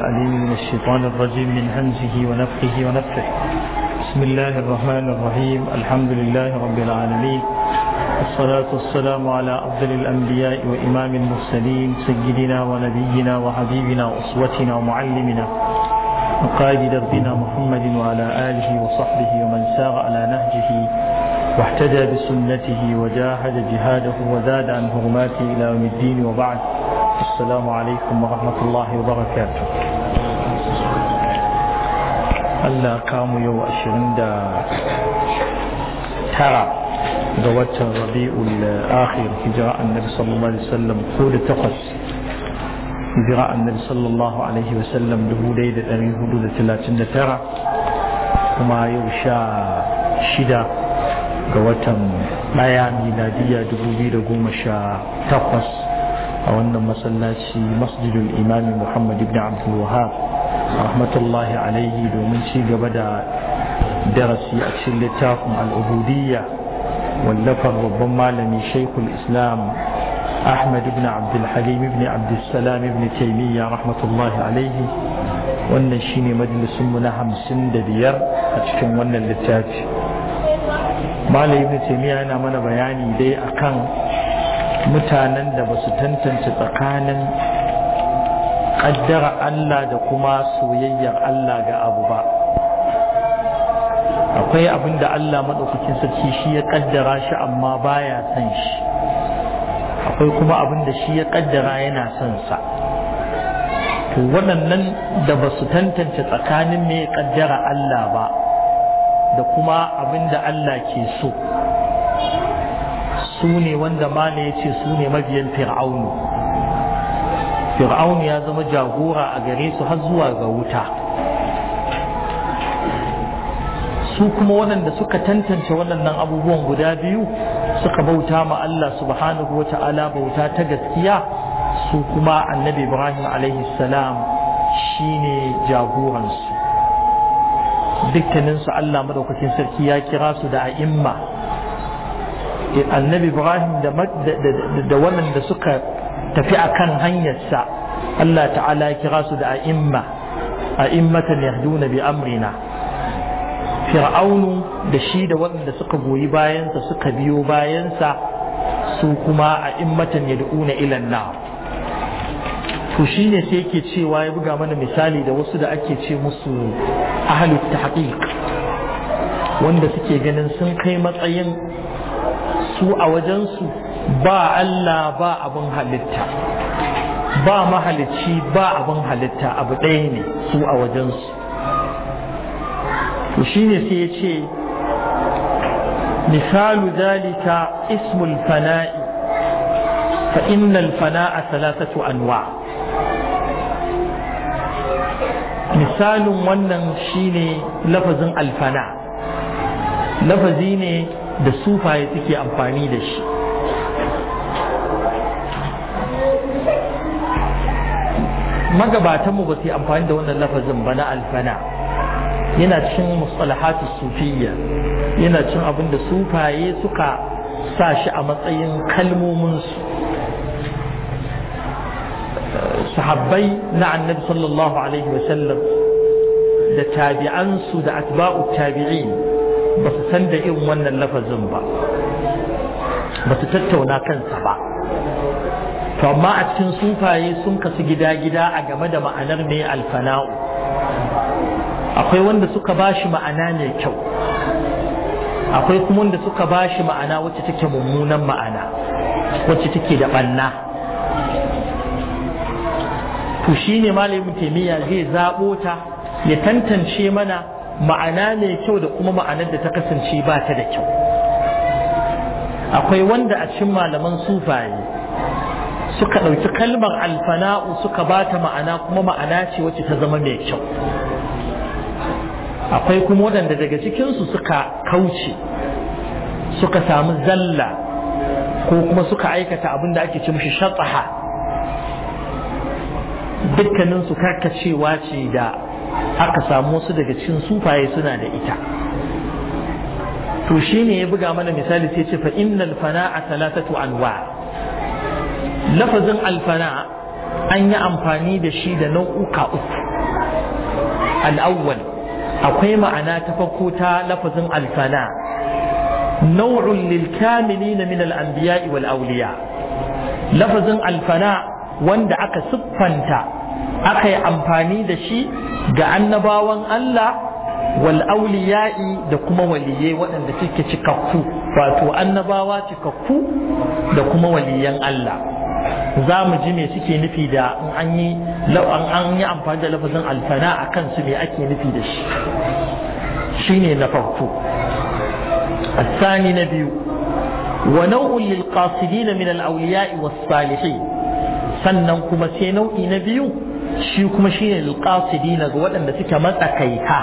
العليم من الشيطان الرجيم من همزه ونفخه ونفخه بسم الله الرحمن الرحيم الحمد لله رب العالمين والصلاة والسلام على أفضل الأنبياء وإمام المرسلين سيدنا ونبينا وحبيبنا وأسوتنا ومعلمنا وقائد دربنا محمد وعلى آله وصحبه ومن سار على نهجه واحتدى بسنته وجاهد جهاده وزاد عن هرماته إلى يوم الدين وبعد السلام عليكم ورحمة الله وبركاته Allah kamu yau ashirin da tara ga watan rabi'ul akhir hijira annabi sallallahu alaihi wasallam ko da takwas hijira annabi sallallahu alaihi wasallam dubu daya da dari hudu da talatin da tara kuma yau sha shida ga watan ɗaya miladiya dubu biyu da goma sha takwas a wannan masallaci masjidul imami muhammad ibn abdul wahab rahmatullahi alaihi domin ci gaba da darasi a cikin littafin al'ubudiyya wallafar babban malami shaikul islam ahmad ibn abdulhalim ibn abdulsalam ibn taimiyya rahmatullahi alaihi wannan shine mu na hamsin da biyar a cikin wannan littafi malami ibn taimiyya yana mana bayani dai akan mutanen da ba su tantance tsakanin ƙaddara Allah da kuma soyayyar Allah ga abu ba akwai abin da Allah maɗaukakin sarki shi ya ƙaddara shi amma baya son shi akwai kuma abin da shi ya ƙaddara yana son sa to waɗannan da ba su tantance tsakanin mai ƙaddara Allah ba da kuma abin da Allah ke so su ne wanda ma ne ya ce su ne mabiyan fir'aunu fir'aun ya zama jagora a gare su har zuwa ga wuta su kuma waɗanda suka tantance waɗannan abubuwan guda biyu suka bauta ma Allah subhanahu wa ta'ala bauta ta gaskiya su kuma annabi ibrahim alaihi salam shi ne jagoransu dukkaninsu Allah madaukakin sarki ya kira su da a'imma annabi ibrahim da waɗanda suka tafi a kan hanyarsa Allah ta'ala ya kira su da a'imma a'immatan yahduna bi amrina fir'aunu da shi da waɗanda suka goyi bayansa suka biyo bayansa su kuma a'immatan yad'una ila nar to shine sai yake cewa ya buga mana misali da wasu da ake ce musu ahlut tahqiq wanda suke ganin sun kai matsayin su a wajensu ba Allah ba abin halitta ba mahalicci ba abin halitta abu ɗaya ne su a wajensu shi ne sai ya ce misalu dalika ismul fana'i fa innal fana'a salatatu anwa misalin wannan shine lafazin alfana lafazi ne da sufaye suke amfani da shi magabatanmu ba su yi amfani da wannan lafazin ba na alfana yana cin musalahatu sufiyya yana cin abin da sufaye suka sa shi a matsayin kalmominsu sahabbai na annabi sallallahu alaihi wasallam da tabi'ansu da atba'u tabi'in ba su san da irin wannan lafazin ba ba su tattauna kansa ba to amma a cikin sufaye sun kasu gida-gida a game da ma'anar mai alfana'u akwai wanda suka ba shi ma'ana mai kyau akwai kuma wanda suka ba shi ma'ana wacce take mummunan ma'ana wacce take da ɓanna to shi ne malamin taimiyya zai zaɓo ta ya tantance mana ma'ana mai kyau da kuma ma'anar da ta kasance ba ta da kyau akwai wanda a cikin malaman sufaye suka ɗauki kalmar alfana'u suka bata ma'ana kuma ma'ana ce wacce ta zama mai kyau akwai kuma waɗanda daga cikinsu suka kauce suka samu zalla ko kuma suka aikata abin da ake ce mushi shatsaha dukkaninsu karkacewa ce da aka samu wasu daga cikin sufaye suna da ita to shine ya buga mana misali sai ce fa innal fana'a salatatu anwa' lafazin alfana an yi amfani da shi da nau'uka uku al'awwal akwai ma'ana ta farko ta lafazin alfana nau'un na min al'anbiya'i wal awliya lafazin alfana wanda aka siffanta aka yi amfani da shi ga annabawan Allah wal'auliya'i da kuma waliye waɗanda suke cikakku wato annabawa cikakku da kuma waliyan Allah za mu ji me suke nufi da an yi amfani da lafazin alfana a su me ake nufi da shi Shi ne na farko A na biyu. Wa الثاني نبي na min al'auliya الأولياء salihai sannan kuma sai nau'i na biyu shi kuma shine alqasidi na ga waɗanda suke matsakaita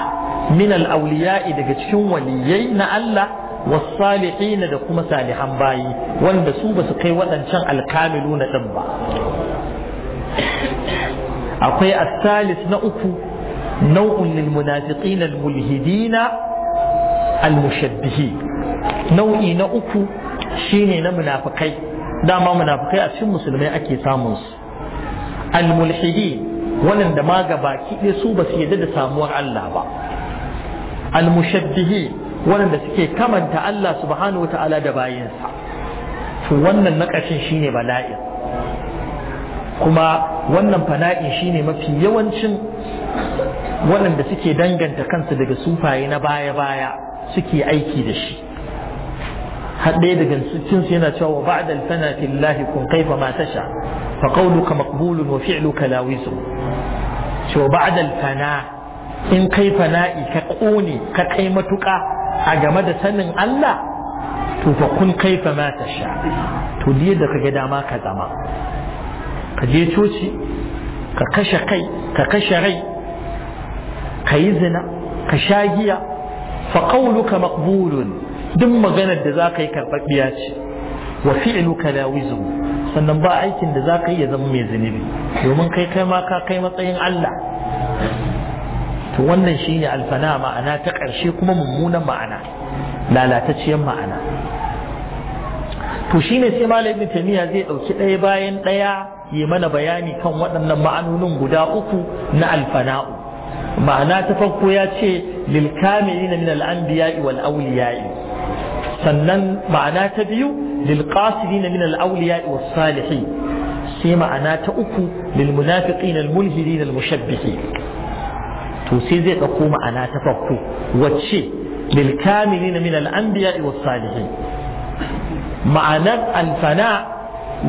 min al'auliya daga cikin waliyai na Allah Wasu والصالحين da kuma salihan bayi wanda su basu kai waɗancan alkamiluna din ba akwai as-salis na uku nau'un lil al mulhidina al mushabbihi nau'i na uku shine na munafikai dama munafikai a cikin musulmai ake samun su al mulhidi waɗanda ma gabaki ɗaya su basu yarda da samuwar Allah ba al mushabbihi waɗanda suke kamanta Allah subhanahu wa ta'ala da bayansa to wannan nakashin shine bala'i kuma wannan fana'i shine mafi yawancin waɗanda suke danganta kansu daga sufaye na baya-baya suke aiki da shi haɗe daga su yana cewa wa fana fi Allah kun kaifa ma tasha fa qawluka maqbulun wa fi'luka lawizu cewa ba'da fana in kai fana'i ka ƙone ka kai matuƙa a game da sanin Allah to fa kun kaifa ma tasha to da kaga kage dama ka zama ka je coci ka kashe kai ka kashe rai ka yi zina ka sha giya fa qawluka maqbulun duk maganar da zaka yi karɓaɓɓiya ce wa fi'luka lawizu sannan ba aikin da zaka yi ya zama mai zunubi domin kai kai ma ka kai matsayin Allah to wannan shine alfana ma'ana ta ƙarshe kuma mummunan ma'ana lalatacciyar ma'ana to shine sai malam ibn taymiya zai dauki ɗaya bayan ɗaya yi mana bayani kan waɗannan ma'anonin guda uku na alfana'u ma'ana ta farko ya ce lil kamilina min al anbiya'i wal awliya'i sannan ma'ana ta biyu lil qasidina min al awliya'i was salihin sai ma'ana ta uku lil munafiqina al mulhidina al mushabbihin to sai zai ɗauko ma'ana ta farko wacce lil kamilin min al anbiya wa salihin ma'anar alfana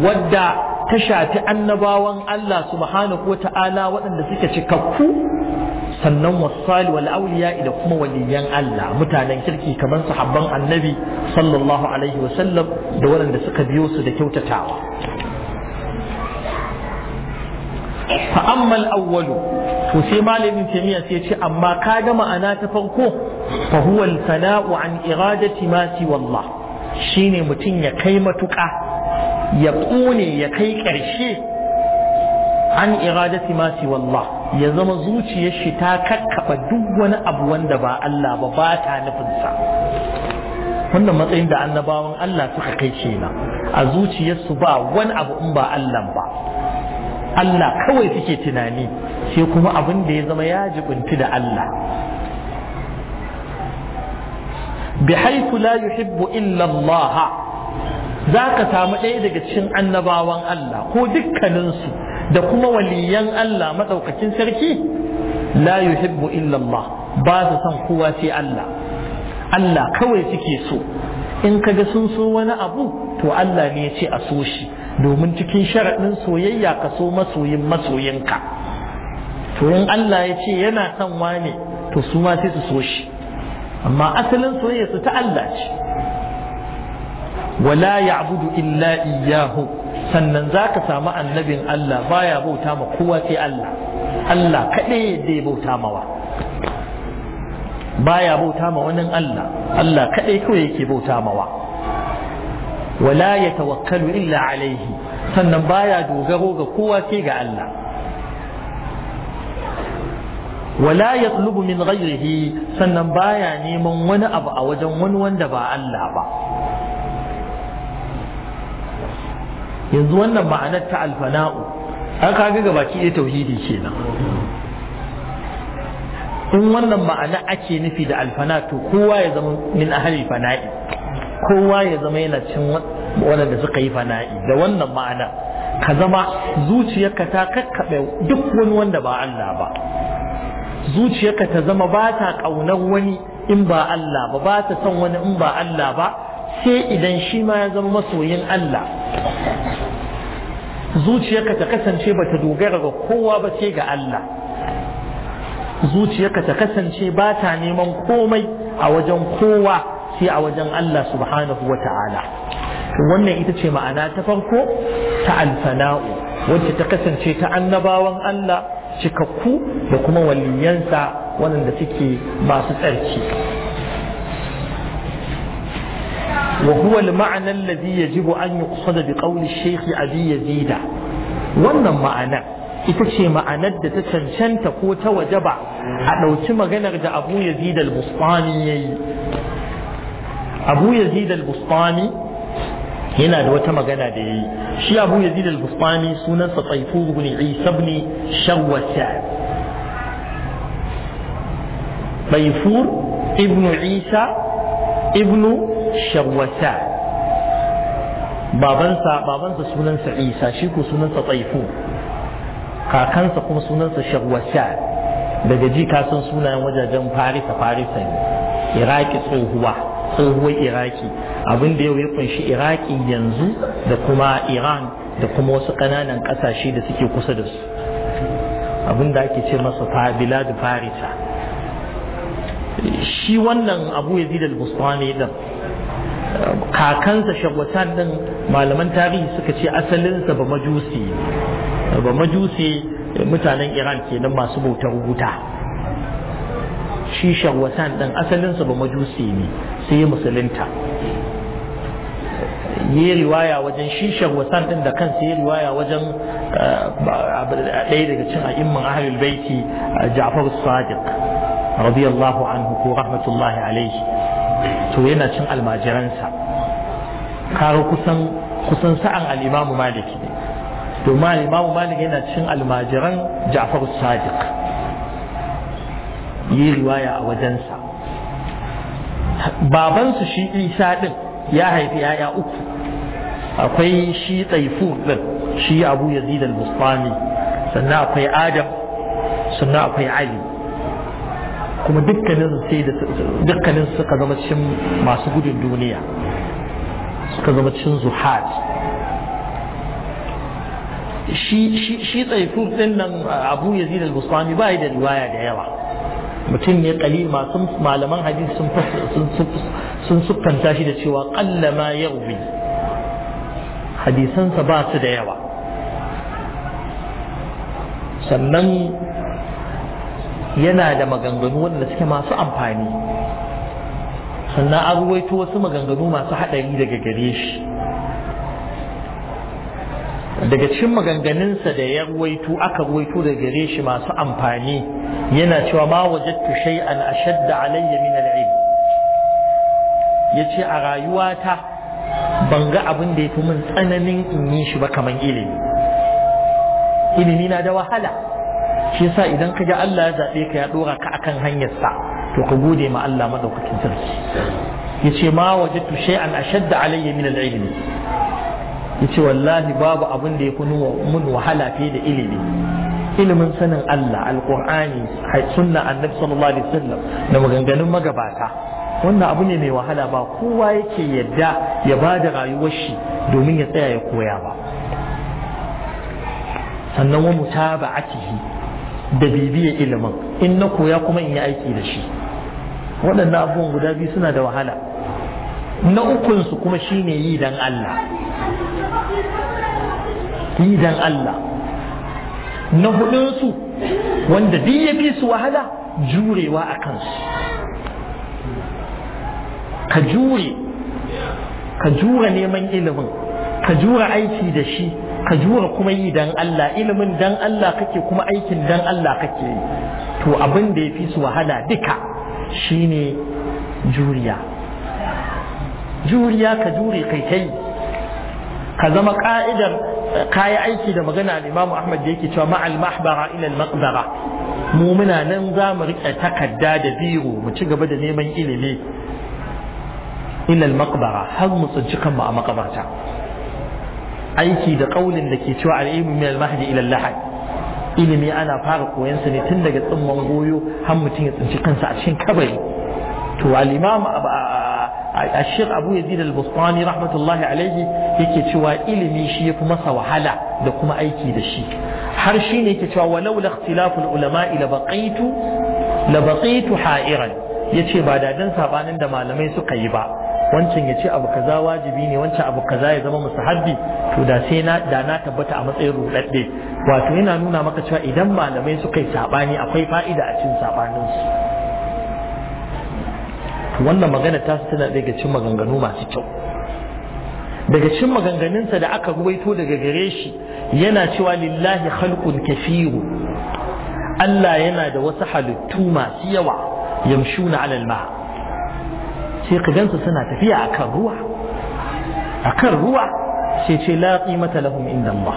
wadda ta shafi annabawan Allah subhanahu wata'ala waɗanda suke cikakku sannan wasali wal auliya da kuma waliyan Allah mutanen kirki kamar sahabban annabi sallallahu alaihi wa sallam da waɗanda suka biyo su da kyautatawa fa ammal awwalu to sai malamin tamiya sai ce amma ka ga ma'ana ta farko fa huwa al-sana'u an iradati ma wallah shine mutum ya kai matuƙa ya ƙone ya kai ƙarshe an iradati ma wallah ya zama zuciyar shi ta kakkaba duk wani abu wanda ba Allah ba ba ta nufinsa wannan matsayin da annabawan Allah suka kai kenan a zuciyarsu ba wani abu in ba Allah ba Allah kawai suke tunani sai kuma abin da ya zama ya jibinti da Allah bi haifu la yuhibbu illa Allah za ka samu ɗaya daga cikin annabawan Allah ko dukkaninsu da kuma waliyan Allah maɗaukakin sarki la yuhibbu illa Allah ba su san kowa sai Allah Allah kawai suke so in kaga sun so wani abu to Allah ne ya ce a so shi domin cikin sharaɗin soyayya ka so masoyin masoyinka to in Allah ya ce yana son wane to su ma sai su so shi amma asalin soyayya su ta Allah ce wala ya'budu illa iyyahu sannan zaka samu annabin Allah baya bauta ma kowa sai Allah Allah kadai ya bauta mawa baya bauta ma wani Allah Allah kadai kawai yake bauta mawa wala yatawakkalu illa alaihi sannan baya dogaro ga kowa sai ga Allah wala yatlubu min ghayrihi sannan baya neman wani abu a wajen wani wanda ba Allah ba yanzu wannan ma'anar ta alfana'u an kaga ga baki ɗaya tauhidi kenan in wannan ma'ana ake nufi da alfana to kowa ya zama min ahli fana'i kowa ya zama yana cin waɗanda suka yi fana'i da wannan ma'ana ka zama zuciyarka ta kakkaɓe duk wani wanda ba Allah ba zuciyarka ta zama ba ta ƙaunar wani in ba Allah ba ba ta son wani in ba Allah ba sai idan shi ma ya zama masoyin Allah zuciyarka ta kasance ba ta dogara ga kowa ba sai ga Allah zuciyarka ta kasance ba ta neman komai a wajen kowa sai a wajen Allah subhanahu wa ta'ala wannan ita ce ma'ana ta farko ta alfana'u wacce ta kasance ta annabawan Allah cikakku da kuma waliyansa waɗanda suke basu tsarki وهو المعنى الذي يجب أن يقصد بقول الشيخ أبي يزيد wannan ma'anar ita ce ma'anar da ta cancanta ko ta wajaba a ɗauki maganar da abu yazid al-bustani ya yi abu yazid al-bustani yana da wata magana da yayi shi Abu ya Yazid al-Bustami sunansa Tayfur ibn Isa ibn Shawwasar Tayfur ibn Isa ibn Shawwasar babansa babansa sunansa Isa shi ko sunansa tsaifu, kakansa kuma sunansa Shawwasar daga ji ka san sunayen wajajen Farisa Farisa ne Iraki tsohuwa tsohuwar Iraki abin da yau ya kunshi iraki yanzu da kuma iran da kuma wasu ƙananan ƙasashe da suke kusa da su abin da ake ce masa fabila da farisa shi wannan abu yazid al-bustani din kakansa shagwatan din malaman tarihi suka ce asalinsa ba majusi ba majusi mutanen iran kenan masu bautar wuta shi shagwatan din asalinsa ba majusi ne sai musulunta yi riwaya wajen shishar wasan din da kansa yi riwaya wajen eh, ɗaya daga cin a'imman ahlul baiti Ja'far Sadiq radiyallahu anhu ko rahmatullahi alaihi to yana cin almajiransa kaga kusan kusan sa'an Al'imamu maliki Malik ne to Al'imamu maliki Malik yana cin almajiran Ja'far Sadiq yi riwaya a wajensa babansu shi Isa din ya haifi yaya uku akwai shi taifu din shi abu yazid al-bustami sannan akwai adam sannan akwai ali kuma dukkanin sai da dukkanin suka zama cikin masu gudun duniya suka zama cikin zuhad shi shi tsaifur din nan abu yazid al-bustami ba da riwaya da yawa mutum ne kalil masu malaman hadisi sun sun sun siffanta shi da cewa qalla ma yaghbi hadisansa ba su da yawa sannan yana da maganganu wanda suke masu amfani sannan an ruwaito wasu maganganu masu haɗari daga gare shi daga cikin maganganunsa da ya ruwaito aka ruwaito da gare shi masu amfani yana cewa ma wajattu shay'an ashadda alayya min al'ilm yace a rayuwata ban ga abin da ya fi min tsananin in yi shi ba kamar ilimi ilimi na da wahala shi yasa idan ka ga Allah ya zaɓe ka ya ɗora ka akan hanyarsa to ka gode ma Allah maɗaukakin sarki ya ce ma wajattu shay'an ashadda alayya min al-ilmi ya ce wallahi babu abin da ya fi mun wahala fiye da ilimi ilimin sanin Allah alƙur'ani sunna annabi sallallahu alaihi wasallam da maganganun magabata wannan abu ne mai wahala ba kowa yake yadda ya ba da rayuwar shi domin ya tsaya ya koya ba sannan wa mutaba'atihi da bibiyar ilimin in na koya kuma in yi aiki da shi waɗannan abubuwan guda biyu suna da wahala na ukunsu kuma shi ne yi dan Allah yi dan Allah na hudunsu wanda biyu ya fi su wahala jurewa a kansu ka jure ka jure neman ilimin ka jure aiki da shi ka jure kuma yi dan Allah ilimin dan Allah kake kuma aikin dan Allah kake yi to abin da ya fi su wahala duka shine juriya juriya ka jure kai kai ka zama ka'idar kayi aiki da magana al-Imam Ahmad da yake cewa ma'al mahbara ila al-maqbara mu muna nan za mu riƙe takarda da biro mu ci gaba da neman ilimi ilal al har mu tsinci kanmu a makabarta aiki da kaulin da ke cewa al-ilmu min mahdi ila al ilimi ana fara koyon sa ne tun daga tsimman goyo har mutum tsinci kansa a cikin kabari to al-imam الشيخ أبو يزيد البسطاني رحمة الله عليه yake cewa ilimi shi ya fi masa wahala da kuma aiki da shi har shi ne yake cewa walau la ikhtilaful ulama ila baqitu la baqitu ha'iran yace ba da dan sabanin da malamai suka yi ba wancan ya ce abu kaza wajibi ne wancan abu kaza ya zama musahabbi to da sai na da na tabbata a matsayin rudadde wato yana nuna maka cewa idan malamai suka yi sabani akwai fa'ida a cikin sabanin su wannan magana ta tana daga cikin maganganu masu kyau daga cikin maganganunsa da aka ruwaito daga gare shi yana cewa lillahi khalqun kafiru Allah yana da wasu halittu masu yawa yamshuna alal ma' sai ka gansu suna tafiya a kan ruwa a kan ruwa sai ce la qimata lahum inda Allah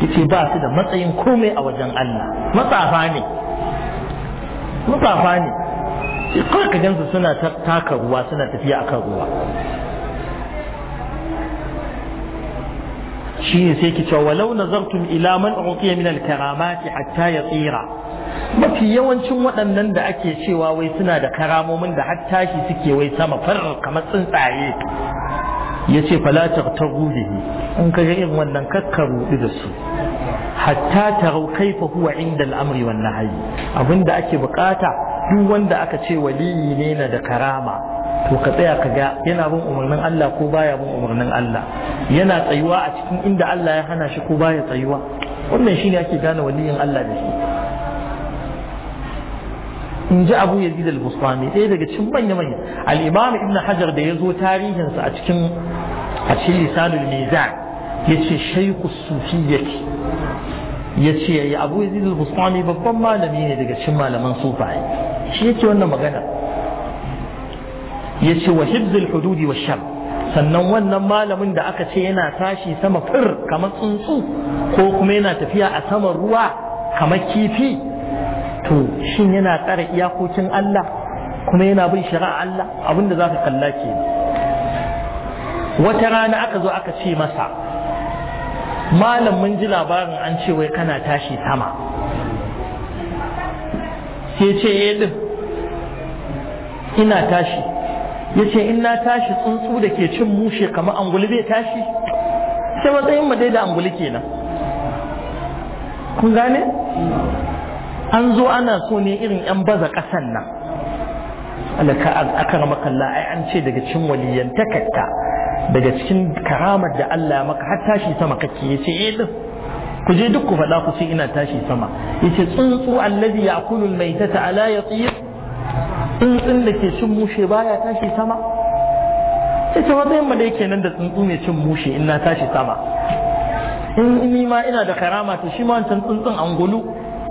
yace ba su da matsayin komai a wajen Allah matsafa ne matsafa ne sai ka gansu suna taka ruwa suna tafiya a kan ruwa shine sai ki cewa walau nazartum ila man uqiya min al-karamati hatta yatira mafi yawancin waɗannan da ake cewa wai suna da karamomin da har tashi suke wai sama farar kamar tsuntsaye yace fala tagtagu bihi in kaga irin wannan kakkaru da su hatta tarau kaifa huwa inda al-amri wan nahyi abinda ake bukata duk wanda aka ce waliyi ne na da karama to ka tsaya ka ga yana bin umarnin Allah ko baya bin umarnin Allah yana tsayuwa a cikin inda Allah ya hana shi ko baya tsayuwa wannan shine ake gane waliyin Allah da shi in ji Abu Yazid al-Bustami ɗaya daga cikin manya manya al-Imam Ibn Hajar da ya zo tarihinsa a cikin a cikin Lisanul Mizan yace shaykhu sufiyyati yace Abu Yazid al-Bustami babban malami ne daga cikin malaman sufaye shi yake wannan magana yace wa hibzul hududi wash shar sannan wannan malamin da aka ce yana tashi sama fir kamar tsuntsu ko kuma yana tafiya a saman ruwa kamar kifi to shin yana tsara iyakokin Allah kuma yana bin shari'a Allah abinda za ka kalla ke wata rana aka zo aka ce masa malam mun ji labarin an ce wai kana tashi sama sai ce eh din ina tashi yace in na tashi tsuntsu da ke cin mushe kamar anguli zai tashi sai matsayin mu dai da anguli kenan kun gane an zo ana so ne irin yan baza kasan nan alaka aka rama ai an ce daga cikin waliyan takakka daga cikin karamar da Allah maka har tashi sama kake ce, eh din ku je duk ku faɗa ku ce ina tashi sama yace tsuntsu allazi ya'kulul maitata ala yatiq tsuntsun da ke cin mushe baya tashi sama sai ta yamma da yake nan da tsuntsu mai cin mushe in na tashi sama in ni ma ina da karama to shi ma wancan tsuntsun angulu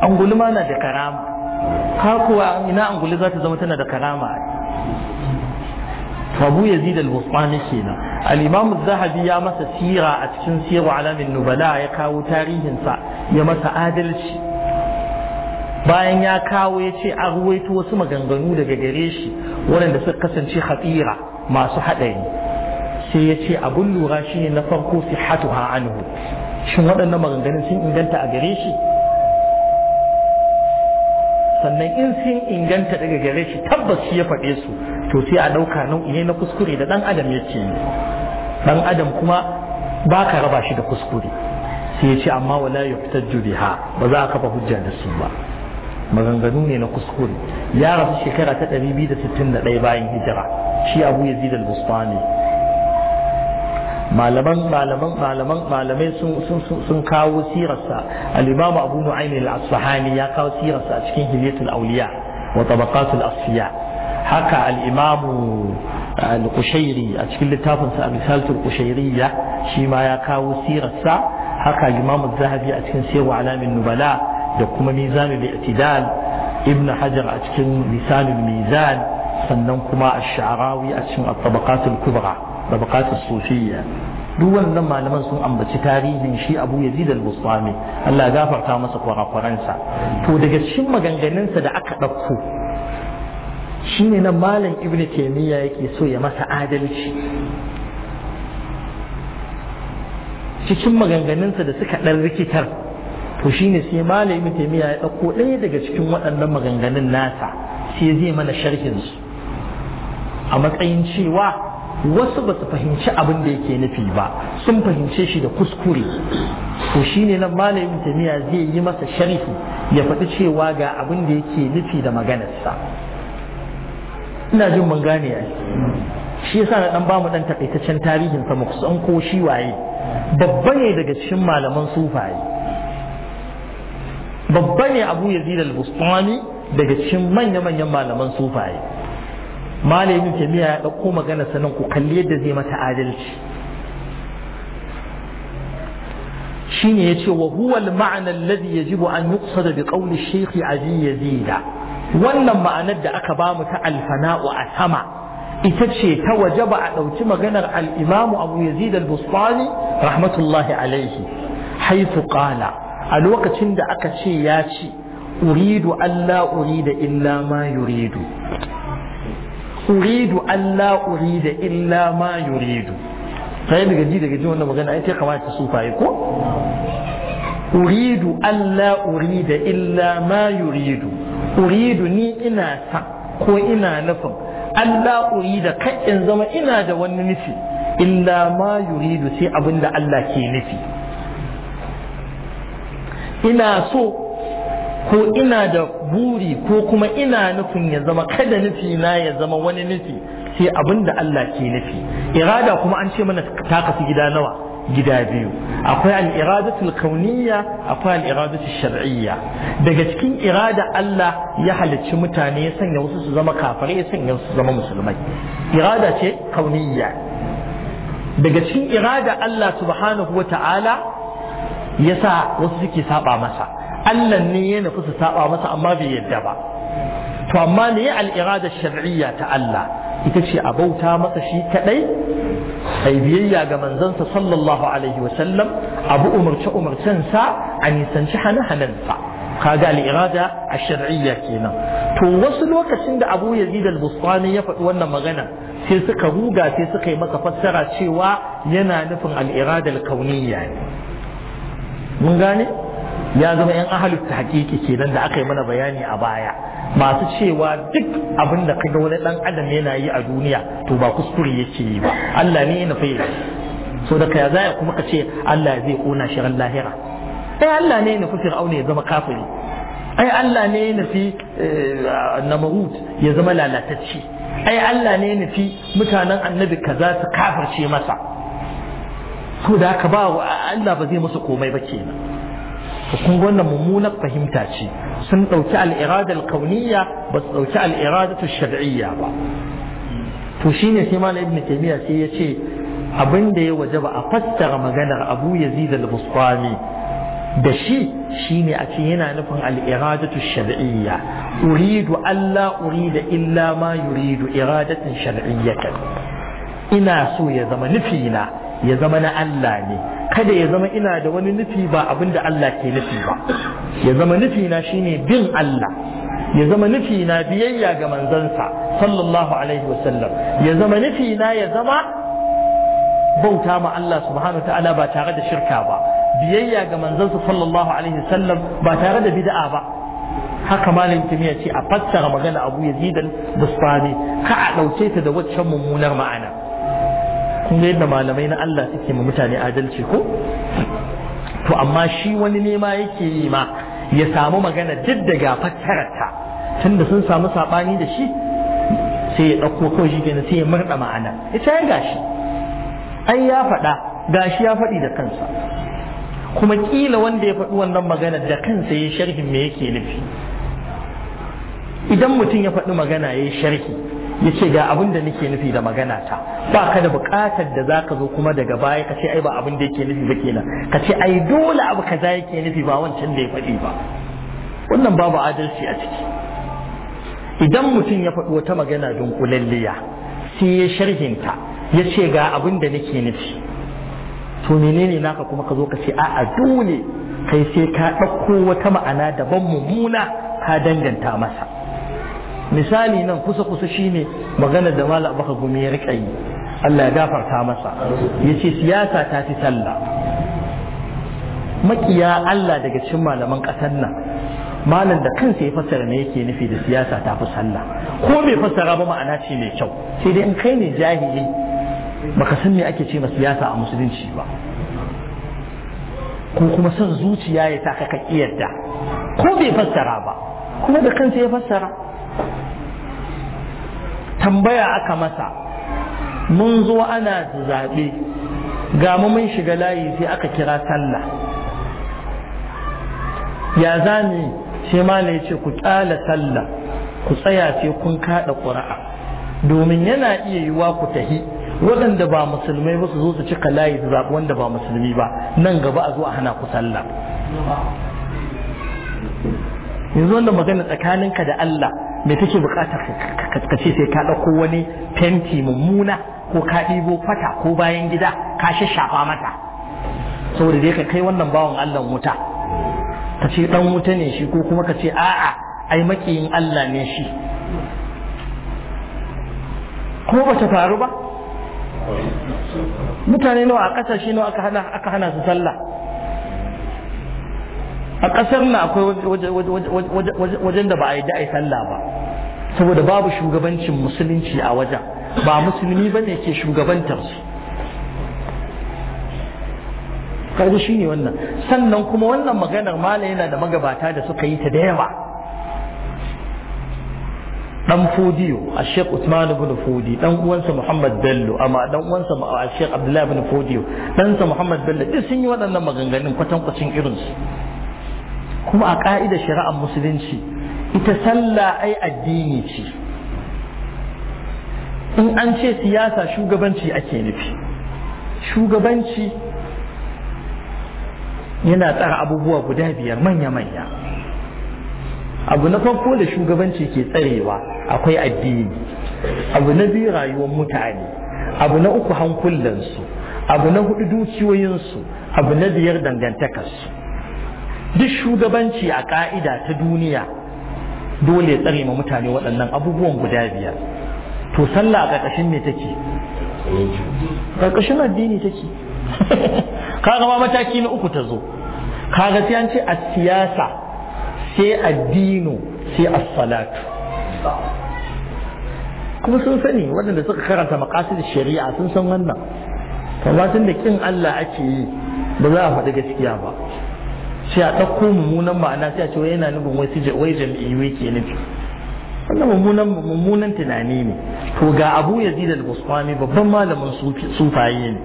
angulu ma na da karama ka kuwa ina angulu za ta zama tana da karama Abu ya zida al-Bustani kenan al-Imam zahabi ya masa sira a cikin siru alamin nubala ya kawo tarihinsa ya masa adalci bayan ya kawo ya ce a ruwaito wasu maganganu daga gare shi waɗanda suka kasance hatsira masu haɗari sai ya ce abun lura shi ne na farko su fi ha anhu shin waɗannan maganganun sun inganta a gare shi sannan in sun inganta daga gare shi tabbas shi ya faɗe su to sai a ɗauka nau'i ne na kuskure da ɗan adam yake ce ɗan adam kuma ba ka raba shi da kuskure sai ya ce amma wala ya yuhtajju ha ba za a kafa hujja da su ba maganganu ne na kuskure ya rasu shekara ta 261 bayan hijira shi abu yazid al-bustani malaman malaman malaman malamai sun sun sun kawo sirarsa al-imam abu nu'aym al-asfahani ya kawo sirarsa a cikin hilyatul awliya wa tabaqatul asfiya haka al-imam al qushayri a cikin littafin sa al-risalatul qushayriya shi ma ya kawo sirarsa haka al-imam az-zahabi a cikin sayyid sirru alamin nubala da kuma mizanul i'tidal ibn hajar a cikin lisanul mizan sannan kuma ash-sha'rawi a cikin at-tabaqatul kubra tabaqatul sufiyya duk wannan malaman sun ambaci tarihin shi Abu Yazid al-Bustami Allah gafarta masa kwarakwaransa to daga cikin maganganunsa da aka ɗauko shine nan malam Ibn taymiya yake so ya masa adalci cikin maganganunsa da suka ɗan rikitar to shine sai malamin taimiya ya ɗauko ɗaya daga cikin waɗannan maganganun nata sai zai mana sharhin su a matsayin cewa wasu ba su fahimci abin da yake nufi ba sun fahimce shi da kuskure to shine nan malamin taimiya zai yi masa sharhi ya faɗi cewa ga abin da yake nufi da maganarsa ina jin mun gane ai shi yasa na dan bamu dan takaitaccen tarihin sa mu kusan ko shi waye babba ne daga cikin malaman sufaye babba ne abu yazid al-bustani daga cikin manya-manyan malaman sufaye malamin jami'a ya ɗauko magana sananku ku kalli yadda zai mata adalci shine yace wa huwa al-ma'na alladhi yajibu an yuqsada bi qawli shaykh azi yazid wannan ma'anar da aka ba mu ta al-fana'u a sama ita ce ta wajaba a ɗauki maganar al-imam abu yazid al-bustani rahmatullahi alaihi haythu qala a lokacin da aka ce ya ci uridu Allah urida illa ma yuridu uridu Allah urida illa ma yuridu sai daga ji daga ji wannan magana ai sai kamata su faye ko uridu Allah urida illa ma yuridu uridu ni ina ta ko ina nufin Allah urida kai in zama ina da wani nufi illa ma yuridu sai abinda Allah ke nufi ina so ko ina da buri ko kuma ina nufin ya zama kada nufi na ya zama wani nufi sai abin da Allah ke nufi irada kuma an ce mana ta kafi gida nawa gida biyu akwai al'iradatul kauniyya akwai al'iradatul shar'iyya daga cikin irada Allah ya halicci mutane ya sanya wasu su zama kafare ya sanya wasu su zama musulmai irada ce kauniyya daga cikin irada Allah subhanahu wa sa wasu suke saba masa Allah ne ya nufi su saba masa amma bai yadda ba to amma ne al-irada shar'iyya ta Allah ita ce a bauta masa shi kadai ai biyayya ga manzansa sallallahu alaihi wa sallam abu umarce umarcen sa a nisanci hana hanansa kaga al'irada irada shariyya kenan to wasu lokacin da Abu Yazid al-Bustani ya faɗi wannan magana sai suka ruga sai suka yi masa fassara cewa yana nufin al'irada irada al-kauniyya ne mun gane ya zama yan ahalus ta hakiki kenan da aka yi mana bayani a baya masu cewa duk abin da kaga wani dan adam yana yi a duniya to ba kuskure yake yi ba Allah ne yana fayyar so da kaya zaya kuma ka ce Allah zai kona shi ran lahira ai Allah ne yana fi ya zama kafiri ai Allah ne yana eh, fi namrud ya zama lalatacce ai Allah ne yana fi mutanen annabi kaza su kafirce masa to da ka ba Allah ba zai musu komai ba kenan to kun ga wannan mummunar fahimta ce sun dauki al-irada al-kauniyya ba su dauki al-irada shar'iyya ba to shine sai malam ibnu taymiya sai ya ce abin da ya wajaba a fassara maganar Abu Yazid al-Bustami da shi shine a ce yana nufin al-iradatu shar'iyya uridu uri urida illa ma yuridu iradatin shar'iyyatan ina so ya zama nufina ya zama na Allah ne kada ya zama ina da wani nufi ba abin da Allah ke nufi ba ya zama nufi na shine bin Allah ya zama nufi na biyayya ga manzansa sallallahu alaihi wasallam ya zama nufi na ya zama bauta ma Allah subhanahu wa ta'ala ba tare da shirka ba biyayya ga manzansa sallallahu alaihi wasallam ba tare da bid'a ba haka malam tumiya ce a fassara magana abu yazid al-bustani ka a dauke ta da waccan mummunar ma'ana kun ga yadda malamai na Allah suke ma mutane adalci ko to amma shi wani nema yake yi ma ya samu magana duk daga fassararta tunda sun samu sabani da shi sai ya ɗauko ko shi kenan sai ya murɗa ma'ana ita ya gashi ai ya faɗa gashi ya faɗi da kansa kuma kila wanda ya faɗi wannan magana da kansa ya sharhin me yake nufi idan mutum ya faɗi magana ya yi sharhi yace ga abin da nake nufi da magana ta ba ka da bukatar da zaka zo kuma daga baya ka ce ai ba abin da yake nufi ba kenan ka ce ai dole abu kaza yake nufi ba wancan da ya faɗi ba wannan babu adalci a ciki idan mutum ya faɗi wata magana dunkulalliya sai ya sharhinta ya ce ga abin da nake nufi to menene naka kuma ka zo ka ce a'a dole kai sai ka ɗauko wata ma'ana daban mummuna ka danganta masa misali nan kusa kusa shine magana da mala baka gumi ya rika yi Allah ya gafarta masa yace siyasa ta fi sallah makiya Allah daga cikin malaman ƙasar nan malam da kansa ya fassara ne yake nufi da siyasa ta fi sallah ko bai fassara ba ma'ana ce mai kyau sai dai in kai ne jahili baka san me ake ce ma siyasa a musulunci ba ko kuma son zuciya ya sa ka da ko bai fassara ba kuma da kansa ya fassara tambaya aka masa mun zo ana zaɓe ga mun shiga layi sai aka kira sallah ya za ni sai ma ya ce ku ƙyala sallah ku tsaya sai kun kaɗa ƙura'a domin yana iya yiwa ku tahi waɗanda ba musulmai ba su zo su cika layi su zaɓi wanda ba musulmi ba nan gaba a zo a hana ku sallah yanzu wannan magana tsakaninka da Allah mai take bukatar ka ce sai ka ɗauko wani fenti mummuna ko ka ɗibo fata ko bayan gida ka shafa mata saboda dai ka kai wannan bawan Allah wuta ka ce ɗan wuta ne shi ko kuma ka ce a'a ai makiyin Allah ne shi ko ba ta faru ba mutane nawa a ƙasashe nawa aka hana su sallah a ƙasar na akwai wajen da ba a yi da'ai sallah ba saboda babu shugabancin musulunci a wajen ba musulmi ba ne ke shugabantar su kaji shi ne wannan sannan kuma wannan maganar mala yana da magabata da suka yi ta da yawa dan fodiyo a sheikh usman ibn fodi dan uwansa muhammad bello amma dan uwansa a sheikh abdullahi ibn fodiyo dan sa muhammad bello duk sun yi waɗannan maganganun kwatankwacin irinsu kuma a ƙa'idar shari'ar musulunci ita sallah ai addini ce in an ce siyasa shugabanci ake nufi shugabanci yana tsara abubuwa guda biyar manya-manya abu na farko da shugabanci ke tsarewa akwai addini abu na biyu rayuwar mutane abu na uku hankulansu abu na hudu dukiyoyinsu abu na biyar dangantakarsu duk shugabanci a ka'ida ta duniya dole ya tsare ma mutane waɗannan abubuwan guda biyar to sallah a ƙarƙashin me take ƙarƙashin addini take Ka gama mataki na uku ta zo kaga sai an ce a siyasa sai addino sai a salatu kuma sun sani waɗanda suka karanta da shari'a sun san wannan to ba da kin Allah ake yi ba za a faɗi gaskiya ba sai a ɗauko mummunan ma'ana sai a ce yana nufin wai jam'iyyu ke nufi wannan mummunan mummunan tunani ne to ga abu yazid al-busmani babban malamin sufaye ne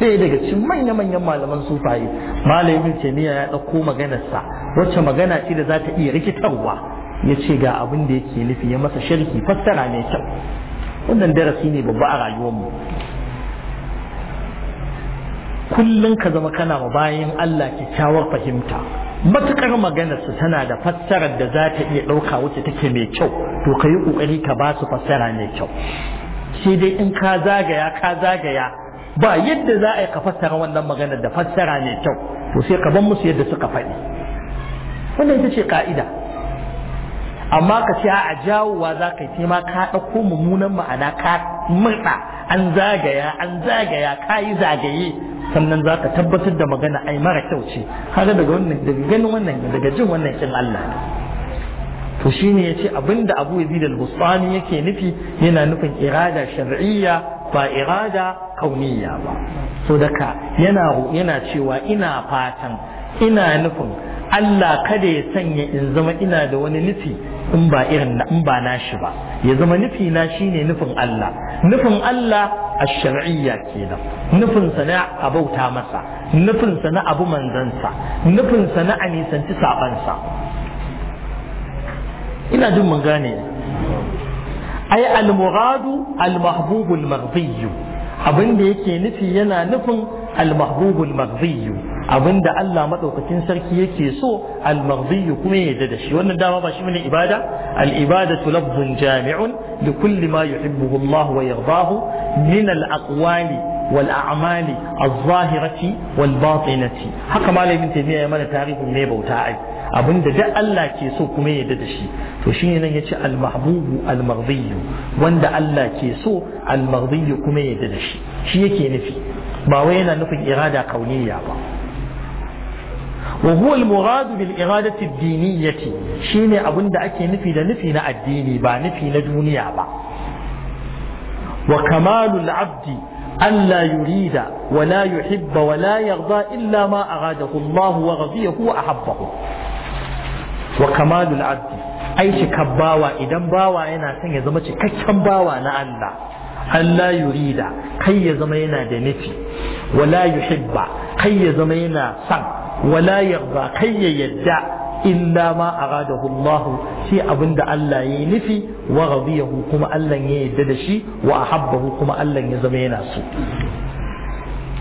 ɗaya daga cikin manya-manyan malaman sufaye malamin tamiya ya ɗauko maganarsa wacce magana ce da za ta iya rikitarwa ya ce ga abin da yake nufi ya masa sharhi fassara mai kyau wannan darasi ne babba a rayuwarmu kullum ka zama kana ma bayan Allah kyakkyawar fahimta matukar maganar su tana da fassarar da za ta iya ɗauka wacce take mai kyau to ka yi ƙoƙari ka ba su fassara mai kyau sai dai in ka zagaya ka zagaya ba yadda za a yi ka fassara wannan maganar da fassara mai kyau to sai ka bar musu yadda suka faɗi wannan ita ce ka'ida amma ka ce a jawowa za ka yi sai ma ka ɗauko mummunan ma'ana ka murɗa an zagaya an zagaya ka yi zagaye sannan za ka tabbatar da magana ai mara kyau ce har daga wannan daga ganin wannan daga jin wannan kin Allah to shine yace abinda Abu Yazid al-Bustani yake nufi yana nufin irada shar'iyya ba irada kauniyya ba so daka yana yana cewa ina fatan ina nufin Allah kada ya sanya in zama ina da wani nufi in ba irin in ba nashi ba ya zama nufi na shine nufin Allah nufin Allah a shariyya kenan nufin sa na abauta masa nufin sa na abu manzansa nufin sa na anisanci sabansa ina jin mun gane ai al-muradu al-mahbubul maghdiy abin da yake nufi yana nufin al-mahbubul maghdiy Abin da Allah madaukakin sarki yake so al kuma ya yarda da shi wannan dama ba shi bane ibada al-ibadatu lafzun jami'un li kulli ma yuhibbuhu Allah wa yardahu min al-aqwali wal a'mali al zahirati wal batinati haka malamin tabiya ya mana tarihin ne bauta ai abinda duk Allah ke so kuma ya yarda da shi to shine nan yace al-mahbubu al-maghdi wanda Allah ke so al-maghdi kuma ya yarda da shi shi yake nufi ba wai yana nufin irada kauniya ba wa huwa al-murad bil iradati ad shine abun da ake nufi da nufi na addini ba nufi na duniya ba wa kamalul abdi ألا يريد ولا يحب ولا يرضى إلا ما أراده الله ورضيه وأحبه وكمال العبد أي شكباوة إذا باوة أنا سنة زمتي كتشم باوة أنا Allah yurida kai ya zama yana da nufi wala yuhibba kai ya zama yana son wala yarda kai ya yadda illa ma aradahu Allah shi abinda Allah ya yi nufi wa radiyahu kuma Allah ya yadda da shi wa ahabbahu kuma Allah ya zama yana so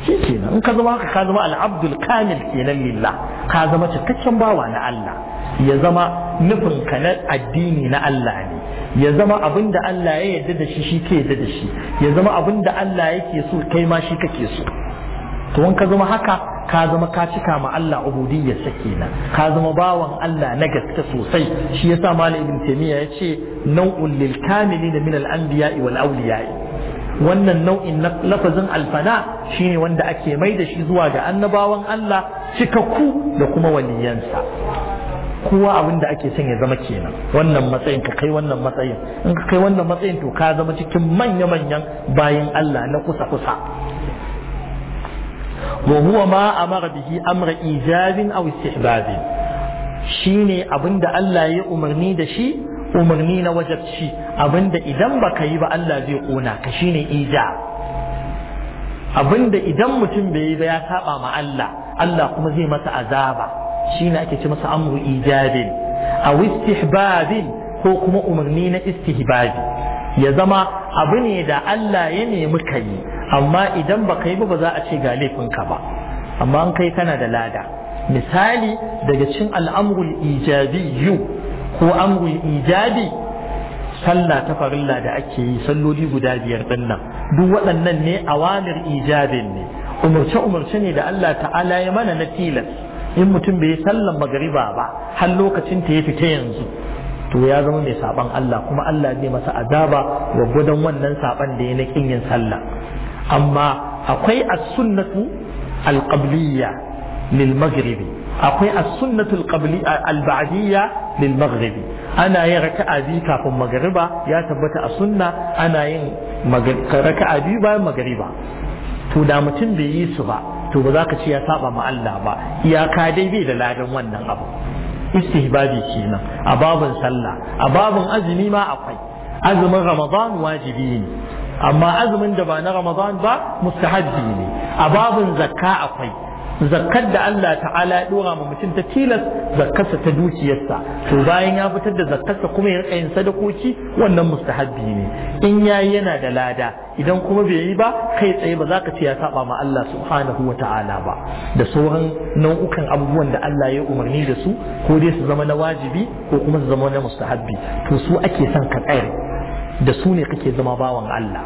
shi kenan in ka zama haka ka zama Abdul kamil kenan lillah ka zama cikakken bawa na Allah ya zama nufin na addini na Allah ne ya zama abin da Allah ya yarda da shi shi ke yarda da shi ya zama abin da Allah yake so kai ma shi kake so to wan ka zama haka ka zama ka cika ma Allah ubudiyyar sake nan ka zama bawan Allah na gaske sosai shi yasa malam ibn taymiya yace nau'un lil da min al anbiya'i wal awliya wannan nau'in lafazin alfana shine wanda ake mai da shi zuwa ga annabawan Allah cikakku da kuma waliyansa kowa abin da ake son ya zama kenan wannan matsayin ka kai wannan matsayin in ka kai wannan matsayin to ka zama cikin manya manyan bayan Allah na kusa kusa wa huwa ma amara bihi amra ijabin aw istihbabin shine abin da Allah ya umarni da shi umarni na wajabci abin da idan baka yi ba Allah zai kona ka shine ijab abin da idan mutum bai yi ba ya saba ma Allah Allah kuma zai masa azaba shi ne ake ce masa amru ijabin a istihbabin ko kuma umarni na istihbabi ya zama abu ne da Allah ya nemi ka yi amma idan ba ka yi ba za a ce ga laifinka ba amma an kai kana da lada misali daga cin al'amrul ijabi ko amrul ijabi sallah ta farilla da ake yi salloli guda biyar din nan duk waɗannan ne awamir ijabin ne umarce umarce ne da Allah ta'ala ya mana na tilas in mutum bai sallan magariba ba har lokacin ta ya fita yanzu to ya zama mai saban Allah kuma Allah zai masa azaba gwaggwadon wannan saban da ya na kin yin sallah amma akwai as-sunnatu al-qabliyya lil maghribi akwai as-sunnatu al-ba'diyya lil maghribi ana yin raka'a kafin magariba ya tabbata a sunna ana yin raka'a biyu bayan magariba to da mutum bai yi su ba to ba za ka ce ya saba ma Allah ba iyaka dai bai da ladan wannan abu istihbabi kenan a babin sallah a babin azumi ma akwai azumin ramadan wajibi ne amma azumin da ba na ramadan ba mustahabbi ne a babin zakka akwai zakkar da Allah ta'ala ya dora ma mutum ta tilas zakkarsa ta dukiyarsa to bayan ya fitar da zakkarsa kuma ya rika yin sadakoki wannan mustahabbi ne in yayi yana da lada idan kuma bai yi ba kai tsaye ba za ka ce ya saba ma Allah subhanahu wa ta'ala ba da sauran nau'ukan abubuwan da Allah ya umarni da su ko dai su zama na wajibi ko kuma su zama na mustahabbi to su ake son ka da su ne kake zama bawan Allah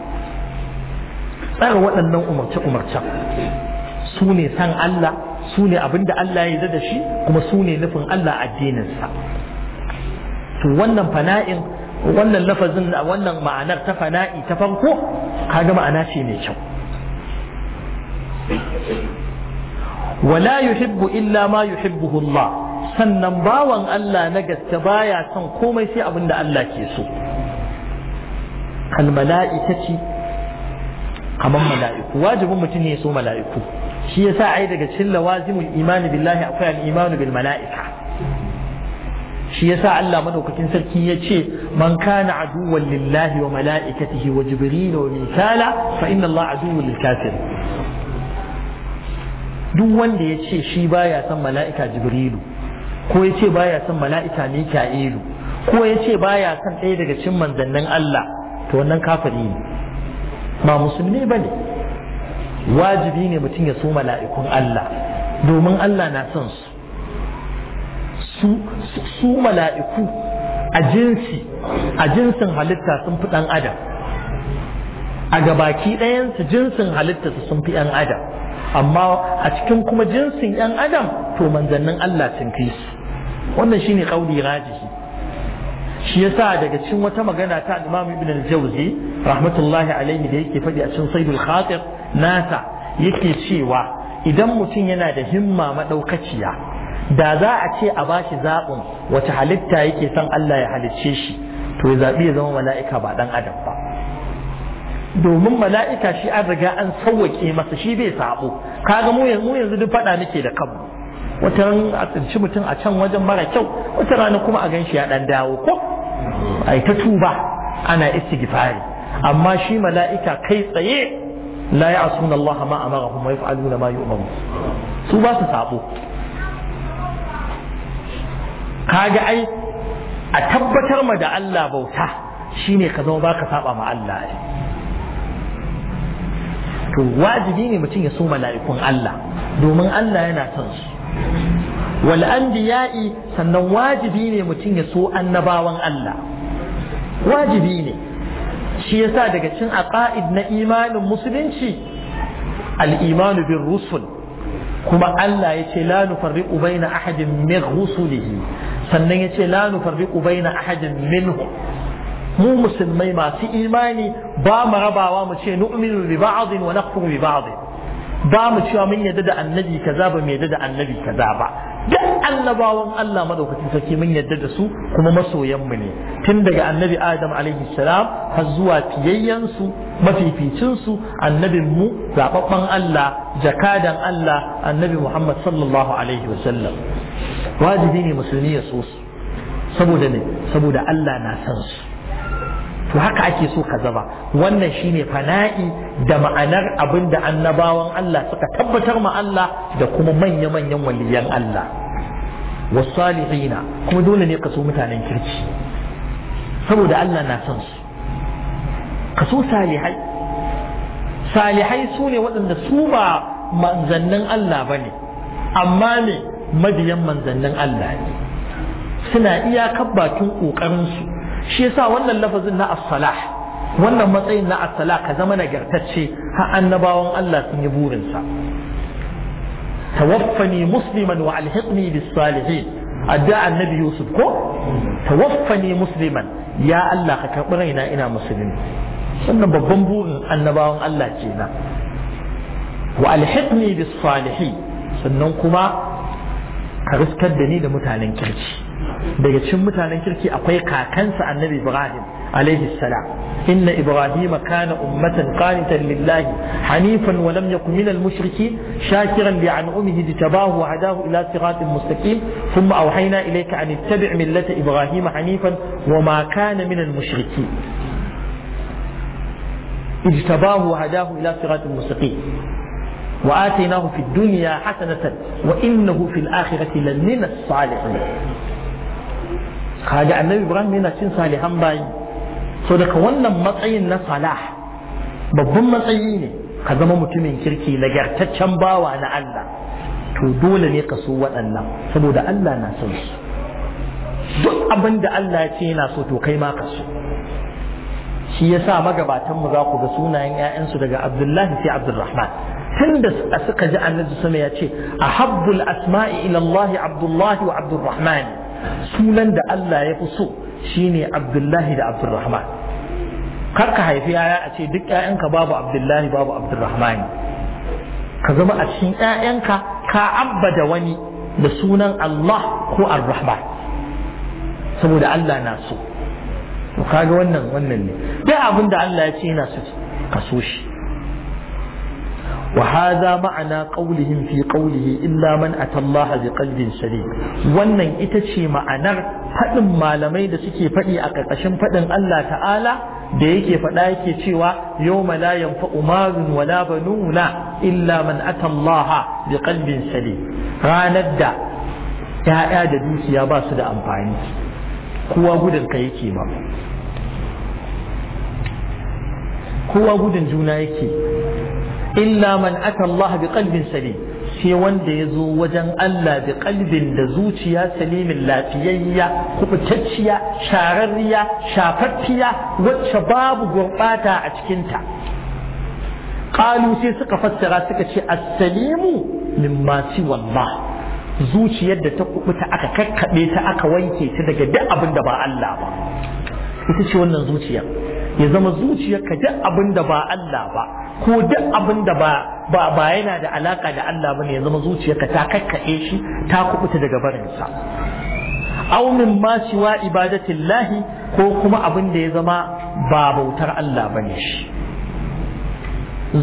tsara waɗannan umarce-umarcen su ne san Allah su ne abin da Allah ya yi da shi kuma su ne nufin Allah addininsa to wannan fana'in wannan lafazin wannan ma'anar ta fana'i ta farko kaga ma'ana ce mai kyau wala yuhibbu illa ma yuhibbuhu Allah sannan bawan Allah na gaske baya son komai sai abin da Allah ke so al kamar mala'iku wajibin mutum ne so mala'iku shi yasa ai daga cikin lawazimul imani billahi akwai al-imanu bil mala'ika shi yasa Allah madaukakin sarki yace man kana aduwwan lillahi wa mala'ikatihi wa jibril wa mikala fa inna Allah aduwwun lil kafir duk wanda yace shi baya san mala'ika jibrilu ko yace baya san mala'ika mika'ilu ko yace baya san ɗaya daga cikin manzannin Allah to wannan kafiri ne ba musulmi bane wajibi ne mutum ya so mala'ikun Allah domin Allah na son su su mala'iku a jinsi a jinsin halitta sun fi ɗan adam a gabaki ɗayansu jinsin halitta sun fi ɗan adam amma a cikin kuma jinsin ɗan adam to manzannin Allah sun fi su wannan shine kauli rajihi shi yasa daga cikin wata magana ta Imam Ibn al-Jawzi rahmatullahi alaihi da yake faɗi a cikin Sayyidul Khatir nasa yake cewa idan mutum yana da himma maɗaukaciya da za a ce a bashi zaɓin wace halitta yake son Allah ya halicce shi to ya zaɓi ya zama mala'ika ba ɗan adam ba domin mala'ika shi an riga an sauwaƙe masa shi bai saɓo kaga mu yanzu yanzu duk faɗa nake da kanmu wata ran a tsinci mutum a can wajen mara kyau wata rana kuma a ganshi ya ɗan dawo ko ai ta tuba ana istighfari amma shi mala'ika kai tsaye la ya'suna Allah ma amarahum wa yaf'aluna ma yu'maru su ba su sabo kaga ai a tabbatar ma da Allah bauta shine ka zama baka saba ma Allah to wajibi ne mutum ya so mala'ikun Allah domin Allah yana son su wal ya'i sannan wajibi ne mutum ya so annabawan Allah wajibi ne shi yasa daga cin aqaid na imanin musulunci al-imanu bir rusul kuma Allah ya ce la nufarriqu baina ahadin min rusulihi sannan ya ce la nufarriqu baina ahadin minhu mu musulmai masu imani ba mu rabawa mu ce nu'minu bi ba'dhin wa nakfuru bi ba'dhin ba mu cewa mun yadda da annabi kaza ba mu yadda da annabi kaza ba duk annabawan Allah madaukakin sarki mun yadda da su kuma masoyan mu ne tun daga annabi Adam alaihi salam har zuwa fiyayyen su mafificin su annabin mu zababban Allah jakadan Allah annabi Muhammad sallallahu alaihi wasallam wajibi ne musulmi ya so su saboda ne saboda Allah na san su to haka ake so ka zaba wannan shine fana'i da ma'anar abin da annabawan Allah suka tabbatar ma Allah da kuma manya-manyan waliyan Allah wasalihina kuma dole ne ka so mutanen kirki saboda Allah na son su ka so salihai salihai su ne waɗanda su ba manzannin Allah ba ne amma ne mabiyan manzannin Allah ne suna iyakar bakin ƙoƙarinsu shi yasa wannan lafazin na as-salah wannan matsayin na as-salah ka zama nagartacce ha annabawan Allah sun yi burinsa tawaffani musliman wa alhiqni bis salihin adda annabi yusuf ko tawaffani musliman ya Allah ka karbi raina ina musulmi wannan babban burin annabawan Allah kenan wa alhiqni bis salihin sannan kuma ka riskar da ni da mutanen kirki daga cikin mutanen kirki akwai kakansa annabi ibrahim alaihi salam inna ibrahim kana ummatan qanitan lillahi hanifan wa lam yakun min al mushriki shakiran li an'umihi jitabahu wa hadahu ila siratin mustaqim thumma awhayna ilayka an ittabi' millata ibrahim hanifan wa ma kana min al mushriki اجتباه وهداه إلى صراط مستقيم وآتيناه في الدنيا حسنة وإنه في الآخرة لمن الصالحين kaji annabi ibrahim yana cin salihan bayi so daga wannan matsayin na salah babban matsayi ne ka zama mutumin kirki nagartaccen bawa na Allah to dole ne ka waɗannan saboda Allah na son su duk abin da Allah ya ce yana so to kai ma ka so shi yasa magabatan mu za ku ga sunayen 'ya'yansu daga Abdullahi sai Abdulrahman tunda suka ji annabi sama ya ce ahabbul asma'i ila Abdullahi wa Abdulrahman sunan da Allah ya fi so shine Abdullahi da Abdurrahman kar ka haifi yaya a ce duk ƴaƴanka babu Abdullahi babu Abdurrahman ka zama a cikin ƴaƴanka ka abbada wani da sunan Allah ko Ar-Rahman saboda Allah na so to kaga wannan wannan ne duk abin da Allah ya ce yana so ka so shi وهذا معنى قولهم في قوله إلا من أتى الله بقلب سليم wannan ita ce ma'anar haɗin malamai da suke faɗi a ƙarƙashin faɗin Allah ta'ala da yake faɗa yake cewa yau la yanfa'u malun wala banuna illa man ata Allah bi qalbin salim ranar da ya'ya da dukiya ba su da amfani kowa gudun ka yake ba kowa gudun juna yake illa man ata Allah qalbin salim sai wanda ya zo wajen Allah bi qalbin da zuciya salimin lafiyayya kubutacciya shararriya shafaffiya wacce babu gurɓata a cikinta qalu sai suka fassara suka ce as-salimu mimma siwa zuciyar da ta kubuta aka kakkaɓe ta aka wanke ta daga duk abin da ba Allah ba ita ce wannan zuciyar ya zama zuciyarka duk abin da ba Allah ba ko duk abin da ba ba yana da alaka da Allah ne ya zama zuciyarka ta kakkaɗe shi ta kubuta daga barinsa aw min ma siwa ibadatillahi ko kuma abin da ya zama ba bautar Allah ne shi